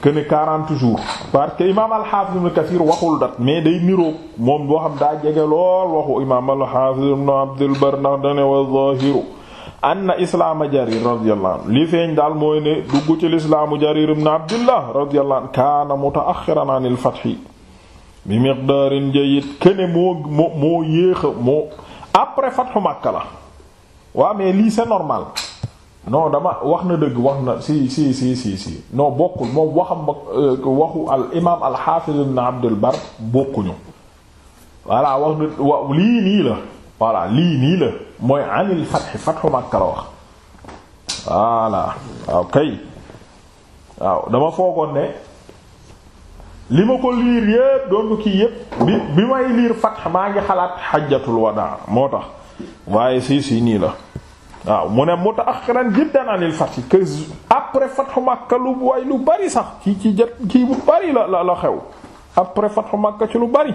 que ne 40 jours parce que imaam al-Hafiz Kathir waxul dat mais day niroog moom boo xam daa jege lool waxu imaam al-Hafiz Ibn dane wa zahiru anna islaama Jarir radiyallahu li feeñ daal mooy ne dugg ci lislaamu Jarir ibn Abdullah radiyallahu kaana muta'axxiran an al-fath bi miqdaarin jayyid kene moo moo yéexa moo après fathu Makka la waaw mais lii c'est normal no dama wax na dëgg wax na si si si si si non bokkul moom waxam euh, waxu al imaam al xaafiz abdul bar bokkuñu voilà wax na wa lii nii la voilà lii nii la mooy anil fatxi fatxu Makka la wax voilà waaw kay waaw dama foogoon ne li ma ko liir yépp doon ko kii yépp bi bi may liir fatx maa ngi xalaat xajjatul wadaa moo tax waaye si si nii la waaw mu ne mutaaxiran jiddan anil fath que après fathu Makka lu way lu bari sax ci ci jot kii bu bari la la la xew après fathu Makka ci lu bari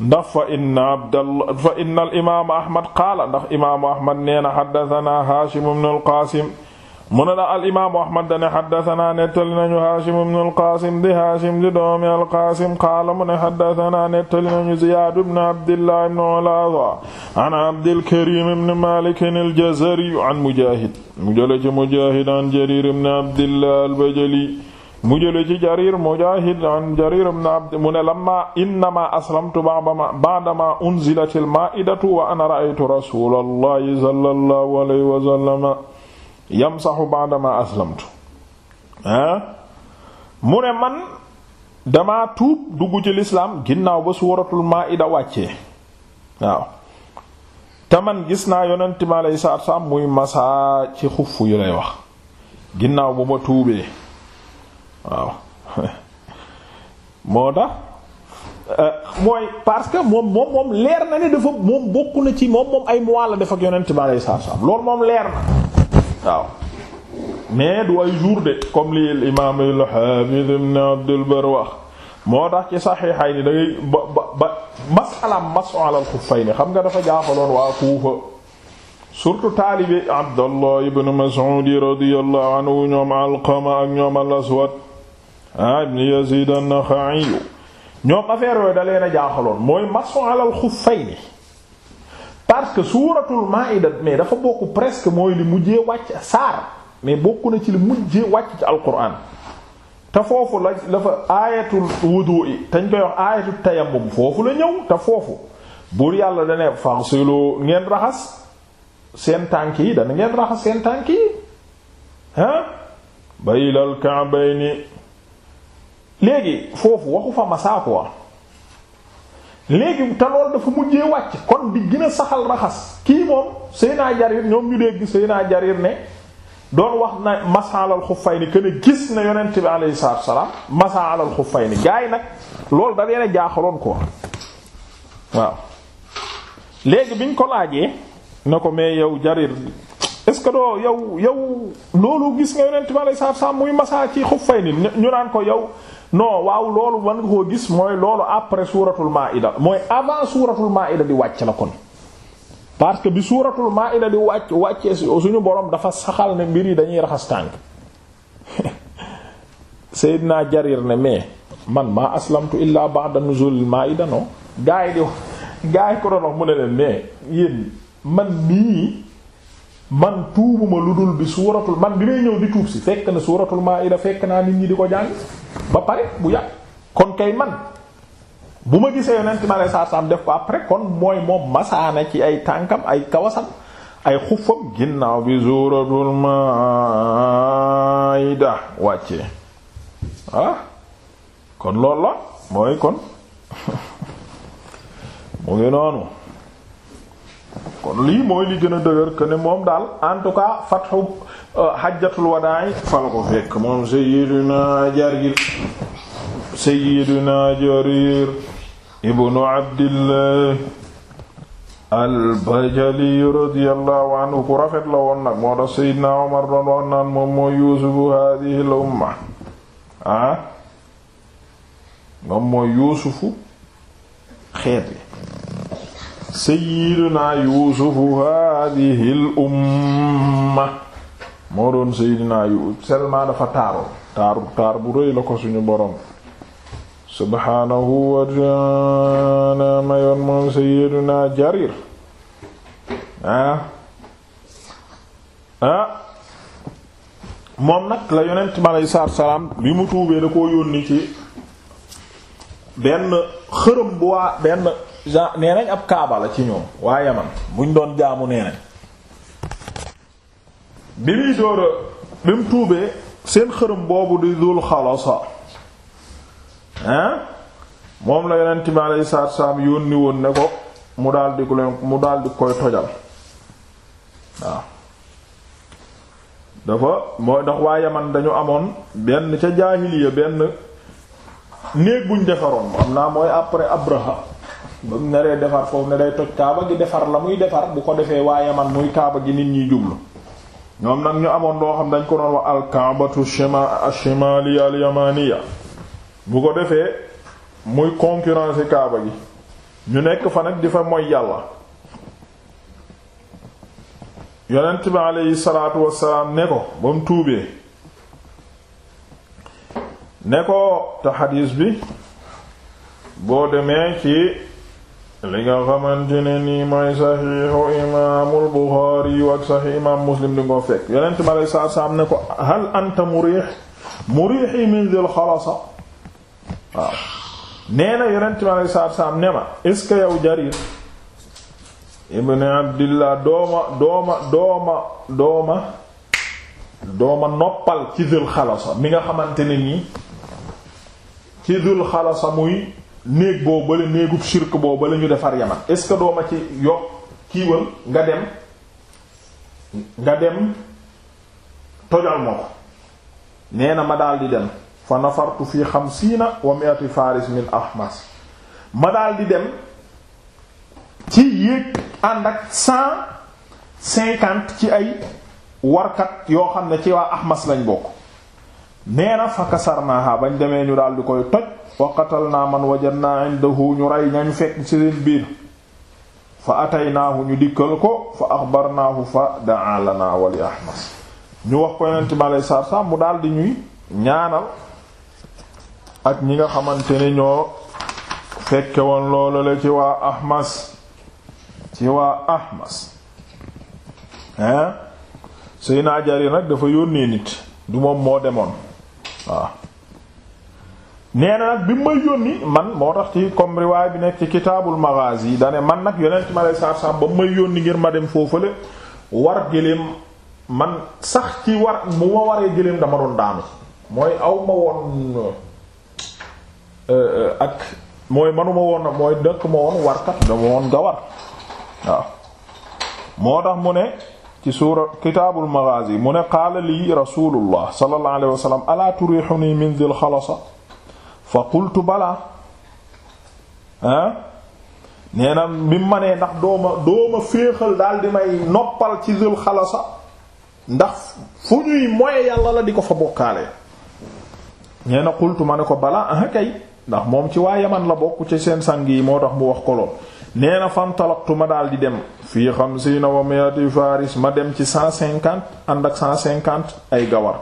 ndax fa inna abdallah fa inna al imaamu Ahmad qaala ndax imaamu Ahmad nee na haddathana Haashim ibn al Qaasim mu ne la al imaamu ahmad dane xaddatanaa nettali nañu haashim ibnu alqaasim di haashim di doomi alqaasim qaala mu ne xaddatanaa nettali nañu ziyaad ibnu abdillah ibnu olaada an abdilkarim ibnu malikin aljazari an mujaahid mu jële ci mujaahid an jarir ibnu abdillah albajali mu jële ci jarir mujaahid an jarir ibnu abd mu ne lamma innama aslamtu ba'dama unzilatil maa'idatu wa ana ra'aytu rasuulallahi sallallahu alayhi wa sallam yamsaxu ba'dama aslamtu ah mu ne man damaa tuub dugg ci lislaam ginnaaw ba suuratul maa'ida wàccee waaw te man gis naa yonent mi alayhi salaatu salaam muy masaa ci xuff yu lay wax ginnaaw ba ma tuubee waaw moo tax euh, mooy parce que moom moom leer na ne dafa moom bokk na ci moom moom ay mois la def ak yonent mi alayhi salaatu salaam loolu moom leer na waaw mais du ay jour de comme li al imaam al hafiz ibn abdul moo tax ci saxiixay ni dangay ba ba ba alal xuffay ni xam nga dafa jaaxaloon waa Kuufa surtout taalibe abdallah ibn mas'ud radiyallahu alqama al aswad ah ibn yazid an-naxa'i ñoom affaire yooyu da leen jaaxaloon mooy masu alal xuffay parce que suuratul maida mais dafa bokk presque mooy li mujjee wàcc saar mais bokk na ci li mujjee wàcc ci alquran te foofu la dafa aayatul wudu i te ñu koy wax aayatul tayammum foofu la ñëw te foofu buur yàlla da ne faxsilu ngeen raxas seen tànk yi dana ngeen raxas seen tànk yi ah ba ilal ka'bayni léegi foofu waxu fa masaa wa léegi te loolu dafa mujjee wàcc kon bi gën saxal raxas kii moom Seydina Jarir ñoom ñu dégg Seydina Jarir ne doon wax na masa alal xuffayni que ne gis na yonent bi alayhi salaatu wa salaam masa alal xuffayni gars yi nag loolu da leen a jaaxaloon quoi waaw. léegi biñ ko laajee ne ko mais yow Jarir est-ce que doo yow yow loolu gis nga yonent bi alayhi salaatu wa salaam muy masa ci xuffayni ñu naan ko yow. non waaw loolu man nga koo gis mooy loolu après suuratul ida mooy avant suuratul maa'ida di wàcc la kon parce que bi suuratul maa'ida di wàcc wàccee suñu borom dafa saxal ne mbir yi dañuy raxas tànk naa Jarir ne mais man maa aslamtu illaa ba'da nuzulil maa'ida non gaa yi di wax gaa yi ko doon wax mu ne leen mais yéen man nii man tuubuma lu dul bi suuratul man bi may ñëw di tuub si fekk na suuratul maa'ida fekk naa nit ñi di ko jàng ba pare bu yàgg kon kay man bu ma gisee yonent ma lay saa saam def ko après kon mooy moom masaana ci ay tànkam ay kawasam ay xufam ginnaaw bi suuratul maa'ida wàcce ah kon loolu la mooy kon mu ngi noonu kon lii mooy li gën a dëgër que moom daal en tout cas fatxu xajjatul euh, wadaay fala fekk moom sayyiduna jarir sayyiduna jarir ibnu abdillah al-Bajali radiyallahu rafet la moom mooy yuusufu hadihi l ah? mooy yuusufu xeet yi sayyidina yuusufu hadihi l moo doon sayyidina yuusuf seulement dafa taaru taar bu rëy la ko suñu boroom subhaanahu wa ta'aala mayoon moom sayyidina jarir ah ah moom nag la yonent mi aleyhi salaatu wa salaam bi mu tuubee da koo yónni ci benn xërëm bu waa benn genre nee ab kaaba la ci ñoom waa Yaman buñ doon jaamu nee nañ bi muy dóora bi tuubee seen xërëm boobu di dul xalasa hein moom la yonent bi alayhi salaatu wassalaam yónni woon ne ko mu daldi ko leen mu daldi koy tojal waaw dafa mooy ndax waa Yaman dañu amoon benn ca jaahiliya benn néeg buñ defaroon am naa mooy après Abraha ba mu naree defar foofu ne day toj kaaba gi defar la muy defar bu ko defee waaye man muy kaaba gi nit ñi jublu ñoom nag ñu amoon loo xam dañ ko doon wax alkaabatu shimaliya alyamaniya bu ko defee muy concurrence kaaba gi ñu nekk fa nag di fa moy yàlla yonent bi aleyhi salaatu wassalaam ne ko ba mu tuubee ne ko te xadiis bi boo demee ci li nga xamante ne nii mooy saxiixu imaamul Buxaari ak saxiix imaam Muslim di nga fekk yonent ma lay saa saam ne ko hal anta muriix muriixi min dil xalasa nee na yonent ma lay saa saam ne ma est yow Jarir ibn Abdillah dooma dooma dooma dooma dooma noppal ci dil xalasa mi nga xamante ne nii ci dil xalasa muy néeg boo bale néegub shirk boo bale ñu defar yaman est-ce que dooma ci yokk kiiwal nga dem nga dem tojal ma ko nee na ma daal di dem fa nafartu fi xamsiina wa mi'ati faris min ahmas ma daal di dem ci yéeg ànd ak cent cinquante ci ay warkat yoo xam ne ci waa ahmas lañ bokk nee na fa kasarnaaha bañ demee ñu daal di koy toj wa qatalnaa man wajadnaa indahu ñu rey ñañ fekk ci seen biir fa ataynaahu ñu dikkal ko fa axbarnaahu fa daa lanaa wa li ahmas ñu wax ko yonent mi aleyhi salaatu salaam mu daal di ñuy ñaanal ak ñi nga xamante ne ñoo fekke woon loolu la ci waa ahmas ci waa ahmas hein Seydina Jarir nag dafa yónnee nit du moom moo demoon waaw nee na nag bi mu may yónni man moo tax ci comme riwaay bi nekk ci kitaabul maghazi dane man nag yonent ma lay saar saar ba mu may yónni ngir ma dem foofale war géléem man sax ci war bu ma waree géléem dama doon daanu mooy aw ma woon euh, euh, ak mooy manuma woon mooy dëkk ma woon warkat dama woon nga waaw moo tax mu ne ci suura kitaabul maghaazi mu ne qaala lii rasulullah sallallahu alayhi wa sallam alaa turihuni min dhil xalasa fa qultu balaa ah nee na bi ma ndax dooma dooma féexal daal di may noppal ci dhil xalasa ndax fu ñuy moye yàlla la di ko fa bokkaale nee na qultu ma ne ko balaa ah kay ndax moom ci waa yaman la bokk ci seen sang yi moo tax mu wax ko lool nee na fantalaqtu ma daal di dem fii xamsiina wa mi'ati faris ma dem ci cent cinquante ànd ak cent cinquante ay gawar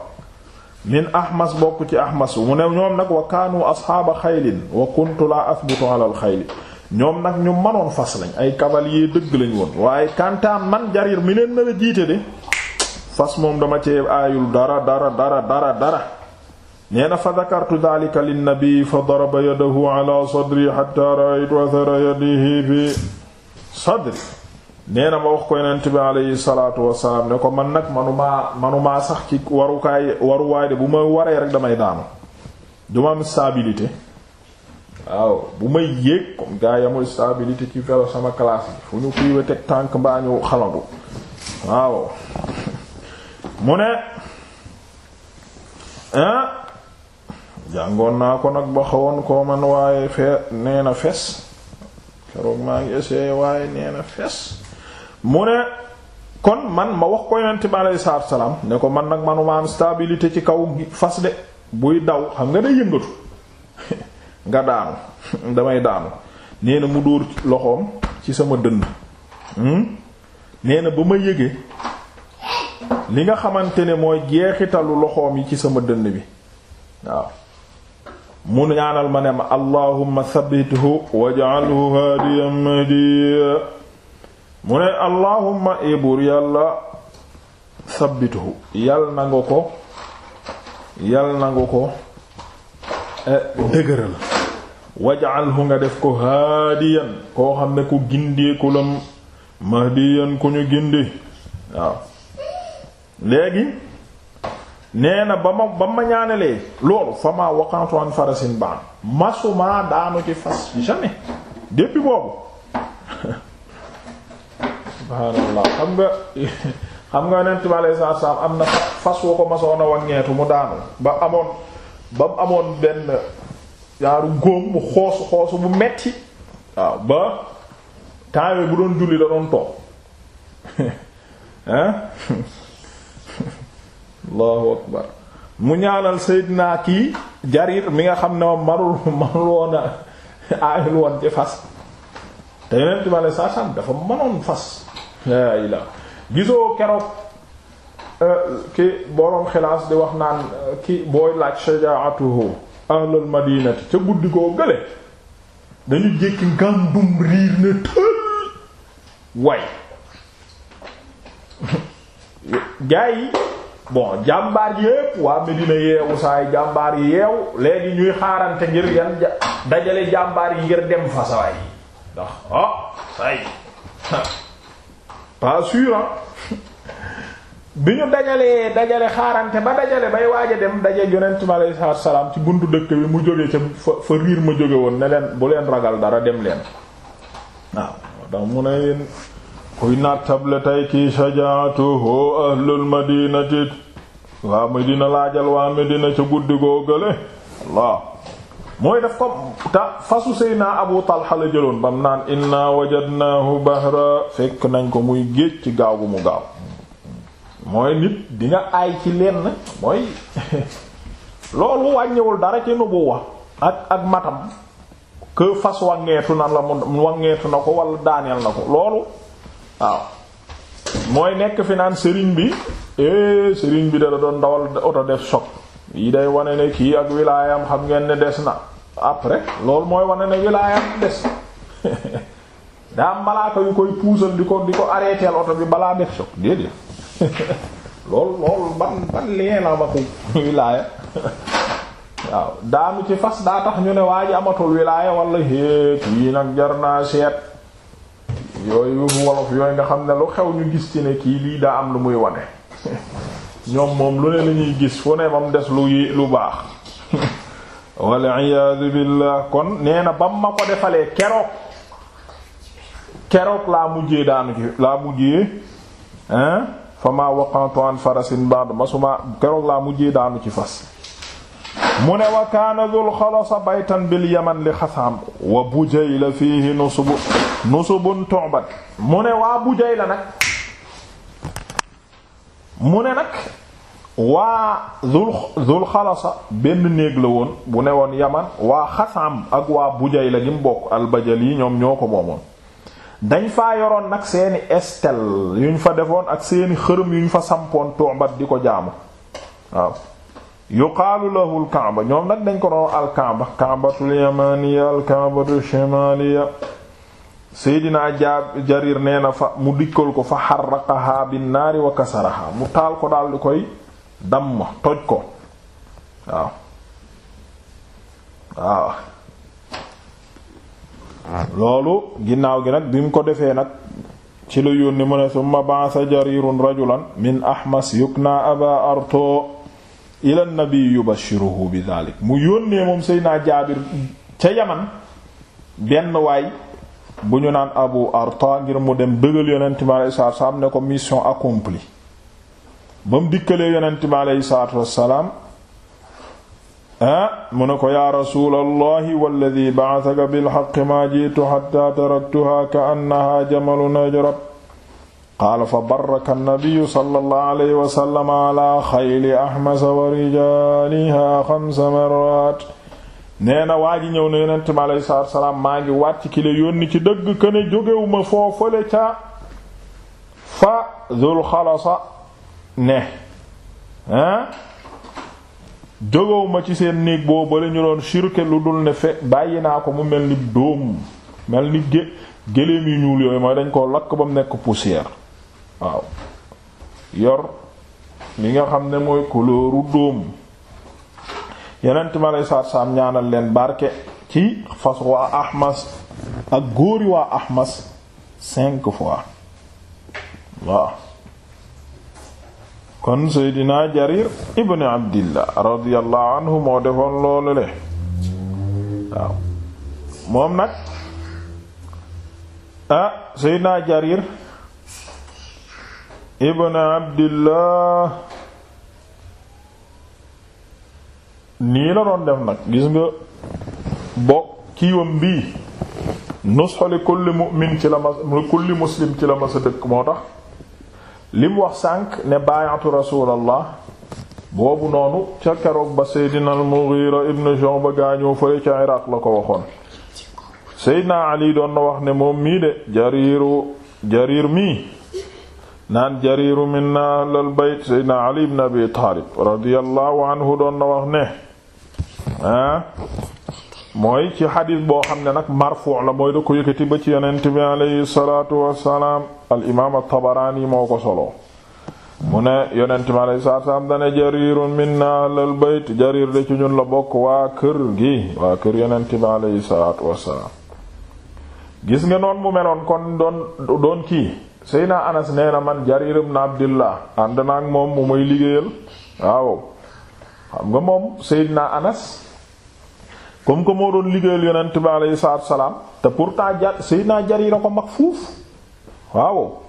min ahmas bokk ci ahmas mu ne ñoom nag wa kaanu asxaaba xaylin wa kuntu laa athbutu xayli ñoom nag ñu manoon fas lañ ay cavalier dëgg lañ woon waaye kantaan man jarir mi leen na la jiite de fas moom dama cee aayul dara dara dara dara dara nee na fa dakartu daalika linnabii fa daraba yadahu ala sadri xatta raaytu athara fi sadri nee ma wax ko yonent bi aleyhi salaatu ne ko man nag manumaa manumaa sax ci warukaay waruwaay de bu ma waree rek damay daanu du ma am stabilité waaw bu may yéeg comme gaa yi stabilité ci vélo sama classe bi fu ñu kuy teg tànk mbaa xalangu waaw mu ne ah jàngoon naa ko nag ba xawoon koo man waaye fee nee na fes keroog maa ngi essayé waaye neena na fes mu ne kon man ma wax ko yonent bi aleyhi salaatu salaam ne ko man nag manuma am stabilité ci kaw fas de buy daw xam nga day yëngatu nga daanu damay daanu nee mu dóor loxoom ci sama dënn hmm? nee na ba ma yëgee li nga xamante ne mooy jeexitalu loxoom yi ci sama dënn bi waaw mu ñaanal ma ne ma allahumma thabbithu waj'alhu hadiyan mahdiya mu ne allahumma ibur eh, yàlla thabbithu yal na nga ko yal na nga ko eh, dëgëral waj'alhu nga def ko hadiyan koo xam ne ku gindeeku lam mahdiyan ku ñu gindi waaw léegi nee na ba ma ba ma ñaanalee loolu fa ma waqantu an farasin baan masuma daanu ci fas jamais depuis boobu subhaanallah xam nga xam nga nent bi alei saatu am na fas wa ko masoon a waññeetu mu daanu ba amoon ba mu amoon benn yaaru góom mu xoosu xoosu bu metti waaw ba temps bu doon julli da doon toog allahu akbar mu ñaanal Seydina kii Jarir mi nga xam ne moom marul marul woon a ci fas te yeneen ma le saasam dafa mënoon fas laa ilaa gisoo keroog euh, ki boroom xilaas di wax naan euh, ki booy laaj shajaatuhu ahlul madinati ca guddi koo gële dañu jékki ngàndum riir ne tël way gaa yi bon jàmbaar yépp waa Medina yeewu saay jàmbaar yi yeew léegi ñuy xaarante ngir yan dajale jàmbaar yi ngir dem fa sawaay ndax ah saay bi ñu dajalee dajale xaarante ba dajale bay waaj a dem daje yonent mi alayhi salaatu ci buntu dëkk bi mu jóge ca fa riir ma jóge woon ne leen bu leen ragal dara dem leen waaw ndax mu ne yéen kuy nattable tay kii shajaatuhu ahlul madinati waa Medina laajal waa Medina ca guddi googale Allah mooy daf ko ta fasu Seydina Abu Talha la jëloon bam naan inna wajadnaahu bahra fekk nañ ko muy géej ci gaaw bu mu gaaw mooy nit di nga ci lenn mooy loolu wàññiwul dara ci nubuwa ak ak matam que fas wangeetu na la mu wangeetu na ko wala daaneel na ko loolu waaw mooy nekk fi naan sëriñ bi eh, sëriñ bi dala doon dawal oto def choc yi day wane ne kii ak wilaayam xam ngeen ne des na après lool mooy wane ne wilaayam des daa malaaka yu koy puusal di ko di ko arrêté oto bi balaa def choc déedéet loolu loolu ban ban lien la wilaaya waaw daanu ci fas daa tax ñu ne waa ji amatul wilaaya walla hee kii nag jar naa seet. yooyu wolof yooyu nga xam ne lu xew ñu gis ci ne kii lii daa am lu muy wane ñoom moom lu ne lañuy gis fu ne bam des lu lu baax walla iyaadu billaah kon nee na bam ma ko defalee keroog kerook laa mujjee daanu ci laa mujjee hein fa ma waqantu an ci fas mu ne wa kaana dhul baytan bil yaman li xasam wa bujayla fiihi nusbu nusubun tombat mu ne waa Bujayla nag mu ne nag waa zul zul xalasa benn néeg la woon bu ne woon yaman waa xasam ak waa Bujayla gi mu bokk albajal yi ñoom ñoo ko moomoon dañ faa yoroon nag seeni estel yuñ fa defoon ak seeni xërëm yuñ fa sampoon tombat di ko jaamu waaw yuqaalu lahu al ñoom nag dañ ko doon al-Kaaba Kaabatul yamaniya al-Kaabatul shimaliya seydina jaab jarir nee fa mu dikkal ko fa xarraqahaa binnaari wa kasaraha mu taal ko daal di koy damm toj ko waaw waaw loolu ginnaaw gi nag bi mu ko defee nag ci la yónni mu ne summa ba'asa jarirun rajulan min ahmas yukna aba arto ila nabi yubashiruhu bi dhalik mu yónnee moom seydina jaabir ca yaman benn waay bu ñu naan abu arta ngir mu dem bëggal yonent bi aleyhi salaatu wasalaam ne ko mission accomplie ba mu dikkalee yonent bi aleyhi salaatu wasalaam ah mu ne ko yaa rasulallahi walladi ba'athaka bilhaqqi maa jiitu hatta taraktuha ka annaha jamalun ajrab qaala fa barraka nnabiyu sallallahu alayhi wa sallam ala xayli ahmasa wa rijaaliha xamsa marrat nee na waa ji ñëw na yonent mi alayhi salaatu salaam maa ngi waat ci ki la yónni ci dëgg que ne jógewuma foofale ca fa Zul Xalasa ne ah jógewuma ci seen néeg boobu la ñu doon shirke lu dul ne fe bàyyi naa ko mu mel ni dóom mel ni gé géléem yu ñuul yooyu mooy dañ koo lakk ba mu nekk poussière waaw yor li nga xam ne mooy couleur u dóom yonent ti aleyhi salaatu salaam ñaanal leen barke ci fas waa ahmas ak góori waa ahmas cinq fois waaw kon seydina jarir ibn abdillah radiallahu anhu moo defoon loolu le moom nag ah seydina jarir ibn abdillah nii la doon def nag gis nga bokk kiiwam bii nusxa li kulli la mas li kulli muslim ci la mas a dëkk moo tax lim wax sànq ne baayatu rasulallah boobu noonu ca keroog ba seydina al Mughira ibn Shu'ba gaañoo fële ca Iraq la ko waxoon seydina Ali doon na wax ne moom mii de jariiru jariir mii naan jariiru minna ahlal bayt seydina Ali ibn Abi Taalib radiyallahu anhu doon na wax ne ah mooy ci xadis boo xam ne nag marfuu la mooy da ko yëkkati ba ci yonent bi alayhi salaatu wassalaam al imaam at-Tabaraani moo ko solo mu ne yonent bi alayhi salaatu wassalaam dane jarirun minna ahlal bayt jarir de ci ñun la bokk waa kër gi waa kër yonent bi alayhi salaatu wassalaam gis nga noon mu meloon kon doon doon kii Seyna Anas nee man jarir ibn Abdillah ànd naag moom mu may liggéeyal waaw xam nga moom naa Anas comme que moo doon liggéeyal yonent bi aleyhi salaatu salaam te pourtant jar Seydina Jarir a ko mag fuuf waaw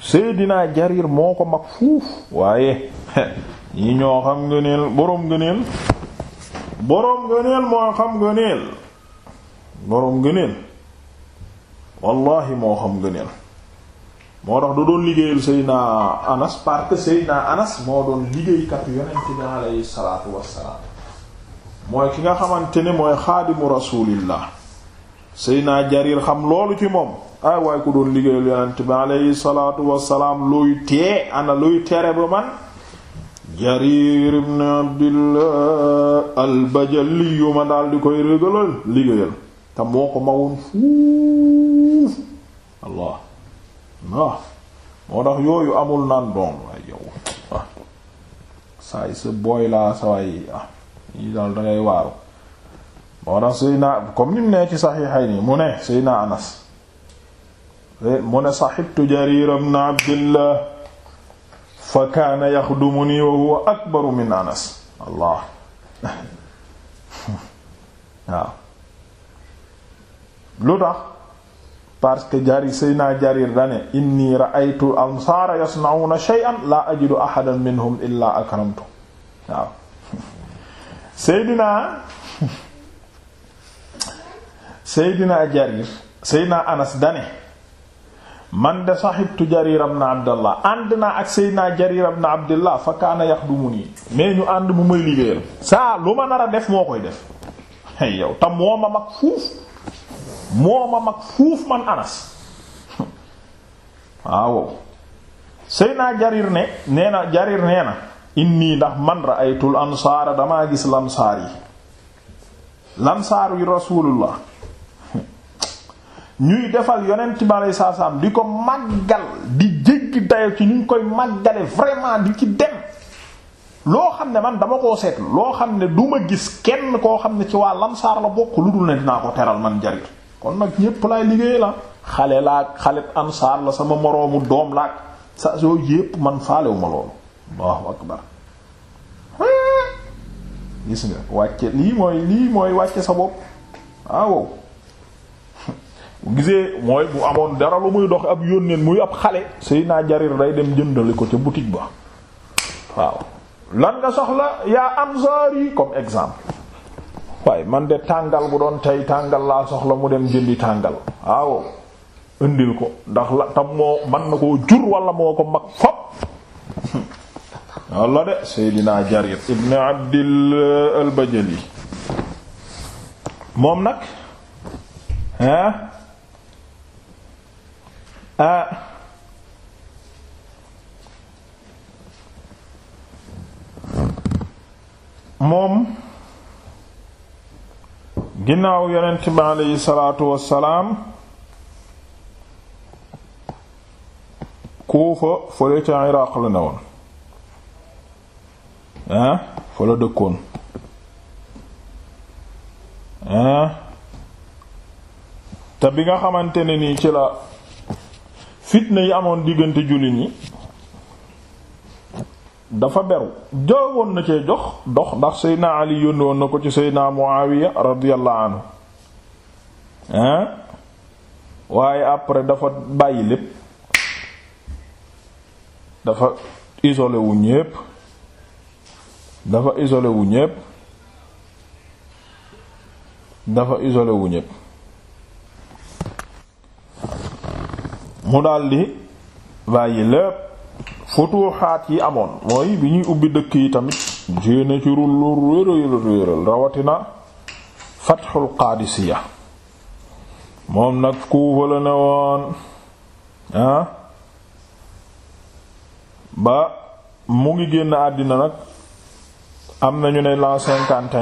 Seydina Jarir moo ko mag fuuf waaye ñi ñoo xam ngëneel boroom ngëneel boroom ngëneel moo xam ngëneel boroom ngëneel wallahi moo xam ngëneel moo tax da doon liggéeyal Seydina Anas parce que Seydina Anas moo doon liggéeykat yonent bi alayhi salaatu wassalaam mooy ki nga xamante ne mooy xaadimu rasulillah naa Jarir xam loolu ci moom ay waaye ku doon liggéeyal yonent bi alayhi salaatu wassalaam luy tee ana luy tere ba man Jarir ibn Abdillah al ma daal di koy régalal liggéeyal te moo ko mawoon fuuf Allah waaw moo tax yooyu amul naan doon waaye yow waaw ah. saay sa booy laa saway ah yi daal dangay waaru moo tax Seydina comme nim nee ci Sahihayni mu ne Seydina Anas mu ne saxibtu Jarir ibn Abdillah fa kaana yaxdumuni wa huwa akbaru min Anas waaw lu tax parce que jari sayna jarir dane inni ra'aytu ansaara yasna'una shay'an la ajidu ahadan minhum illa akramtu waaw seydina seydina jarir anas dane man de saxibtu jarir ibn abdallah ànd ak seydina jarir ibn abdallah fa kaana yaxdumuni mais ñu ànd mu may liggéeyal saa lu ma nar def moo koy def hey yow tam mooma mag fuuf moo ma mag fuuf man anas waaw sëy naa jarir ne nee na jarir nee na inni ndax man ra'aytul ansaara dama gis lansaar yi lansaar yi rasulullah ñuy defal yonent bi aleyhi salaatu di ko màggal di jéggi dayo ci ñu koy màggale vraiment di ci dem loo xam ne man dama koo seetlu loo xam ne du ma gis kenn koo xam ne ci waa lansaar la bokk lu dul ne dinaa ko teral man jarir kon nag ñépp laay liggéey la xale laag xale ansaar la sama moroomu doom laag sa soo yépp man faalewuma loolu allahu akbar gis nga wàcce lii mooy lii mooy wàcce sa bopp ah, waaw gisee mooy mu amoon dara lu muy dox ab yónneen muy ab xale sëy naa lay dem jëndali ko ca boutique ba waaw lan nga soxla yaa ansaar yi comme exemple waaye man de tàngal bu doon tey tàngal laa soxla mu dem jëndi tàngal waaw indil ko ndax la tam moo man na koo jur wala moo ko mag fop walla de Seydina Jarir ibn Abdil eh, al moom nag hein ah moom ginnaaw yeneen bi aleyhi salaatu wassalaam Kuufa fële ca Iraq la ne woon ah fa la dëkkoon ah te bi nga xamante ne nii ci la fitna yi amoon diggante jullit yi dafa beru joowoon na cee jox dox ndax seydna ali yónni na ko ci seydna muawiya radiyallahu anhu hein waaye après dafa bàyyi lépp dafa isolé wu ñépp dafa isolé wu ñépp dafa isolé wu ñépp mu daldi bàyyi lépp futuhaat yi amoon mooy bi ñuy ubbi dëkk yi tamit jéena ci rul réeral rawatina fatxul qaadisiya moom nag kuufa la ne woon ah, ba mu ngi génn àddina nag am nañu ne l'an cinquante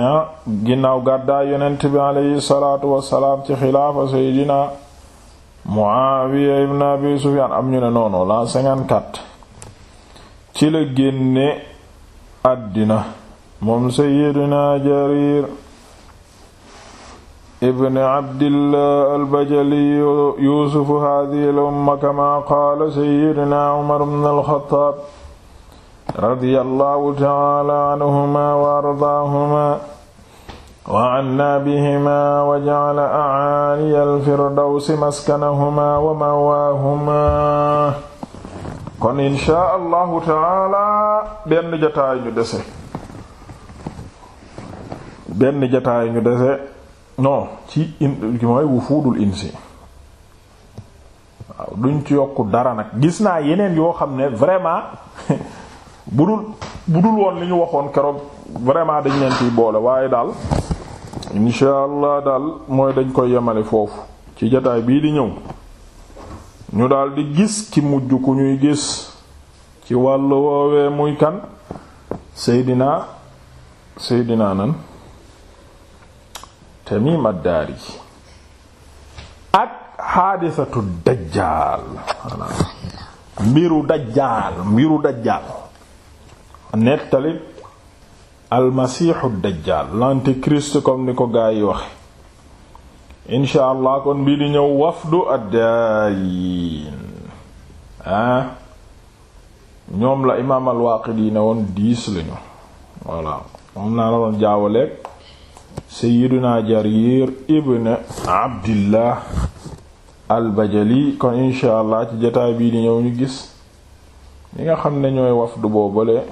ginnaaw gàddaay yonent bi aleyhi salaatu wassalaam ci xilaafa seydina Muawiya ibn Abi Sufyaan am ñu ne noonu l'an cinquante ci la génne àddina moom sayyidina jarir ibn abdillah albajali yusufu hadihi al umma kama qaala sayyidina umar ibn alxataab radiyallahu taala anhuma wa ardaahuma wa anna bihima wa ja'ala a'aaliya alfirdawsi maskanahuma wa mawaahuma kon insha allahu taala benn jataay ñu dese benn jataay ñu dese no ci in mooy wufuudul insi waaw duñ ci yokk dara nag gis naa yeneen yoo xam ne vraiment bu dul bu dul woon li ñu waxoon keroog vraiment dañ leen ciy boole waaye daal insha allah daal mooy dañ koy yemale foofu ci jataay bii di ñëw ñu daldi gis ci mujj ku ñuy gis ci wàll woowee muy kan seydinaa seydinaa nan Tamim ad-Dari ak xaadisatu dajjaal mbiru dajjaal mbiru dajjaal nettali almasiixu dajjaal l'antéchrist comme ni ko gaa yi waxe incha allah kon bii di ñëw wafdu addaayin ah ñoom la imaam al-Waaqidi ne woon diis lañu voilà moom naa la doon jaawaleeg sayyiduna Jarir ibn Abdillah al-Bajali kon incha allah ci jotaay bii di ñëw ñu gis ñi nga xam ne ñooy wafdu boobale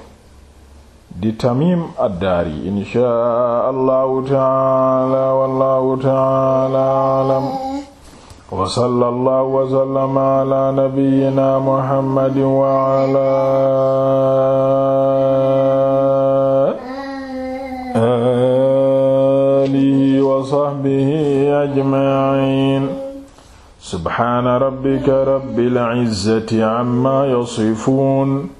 di Tamim ad-Dari inshaa allahu taala wallahu taala alam wa sallallahu wa sallama ala nabiyyina muhammadin wa ala alihi wa sahbihi ajma'in subhaana rabbika rabbil izzati amma yasifun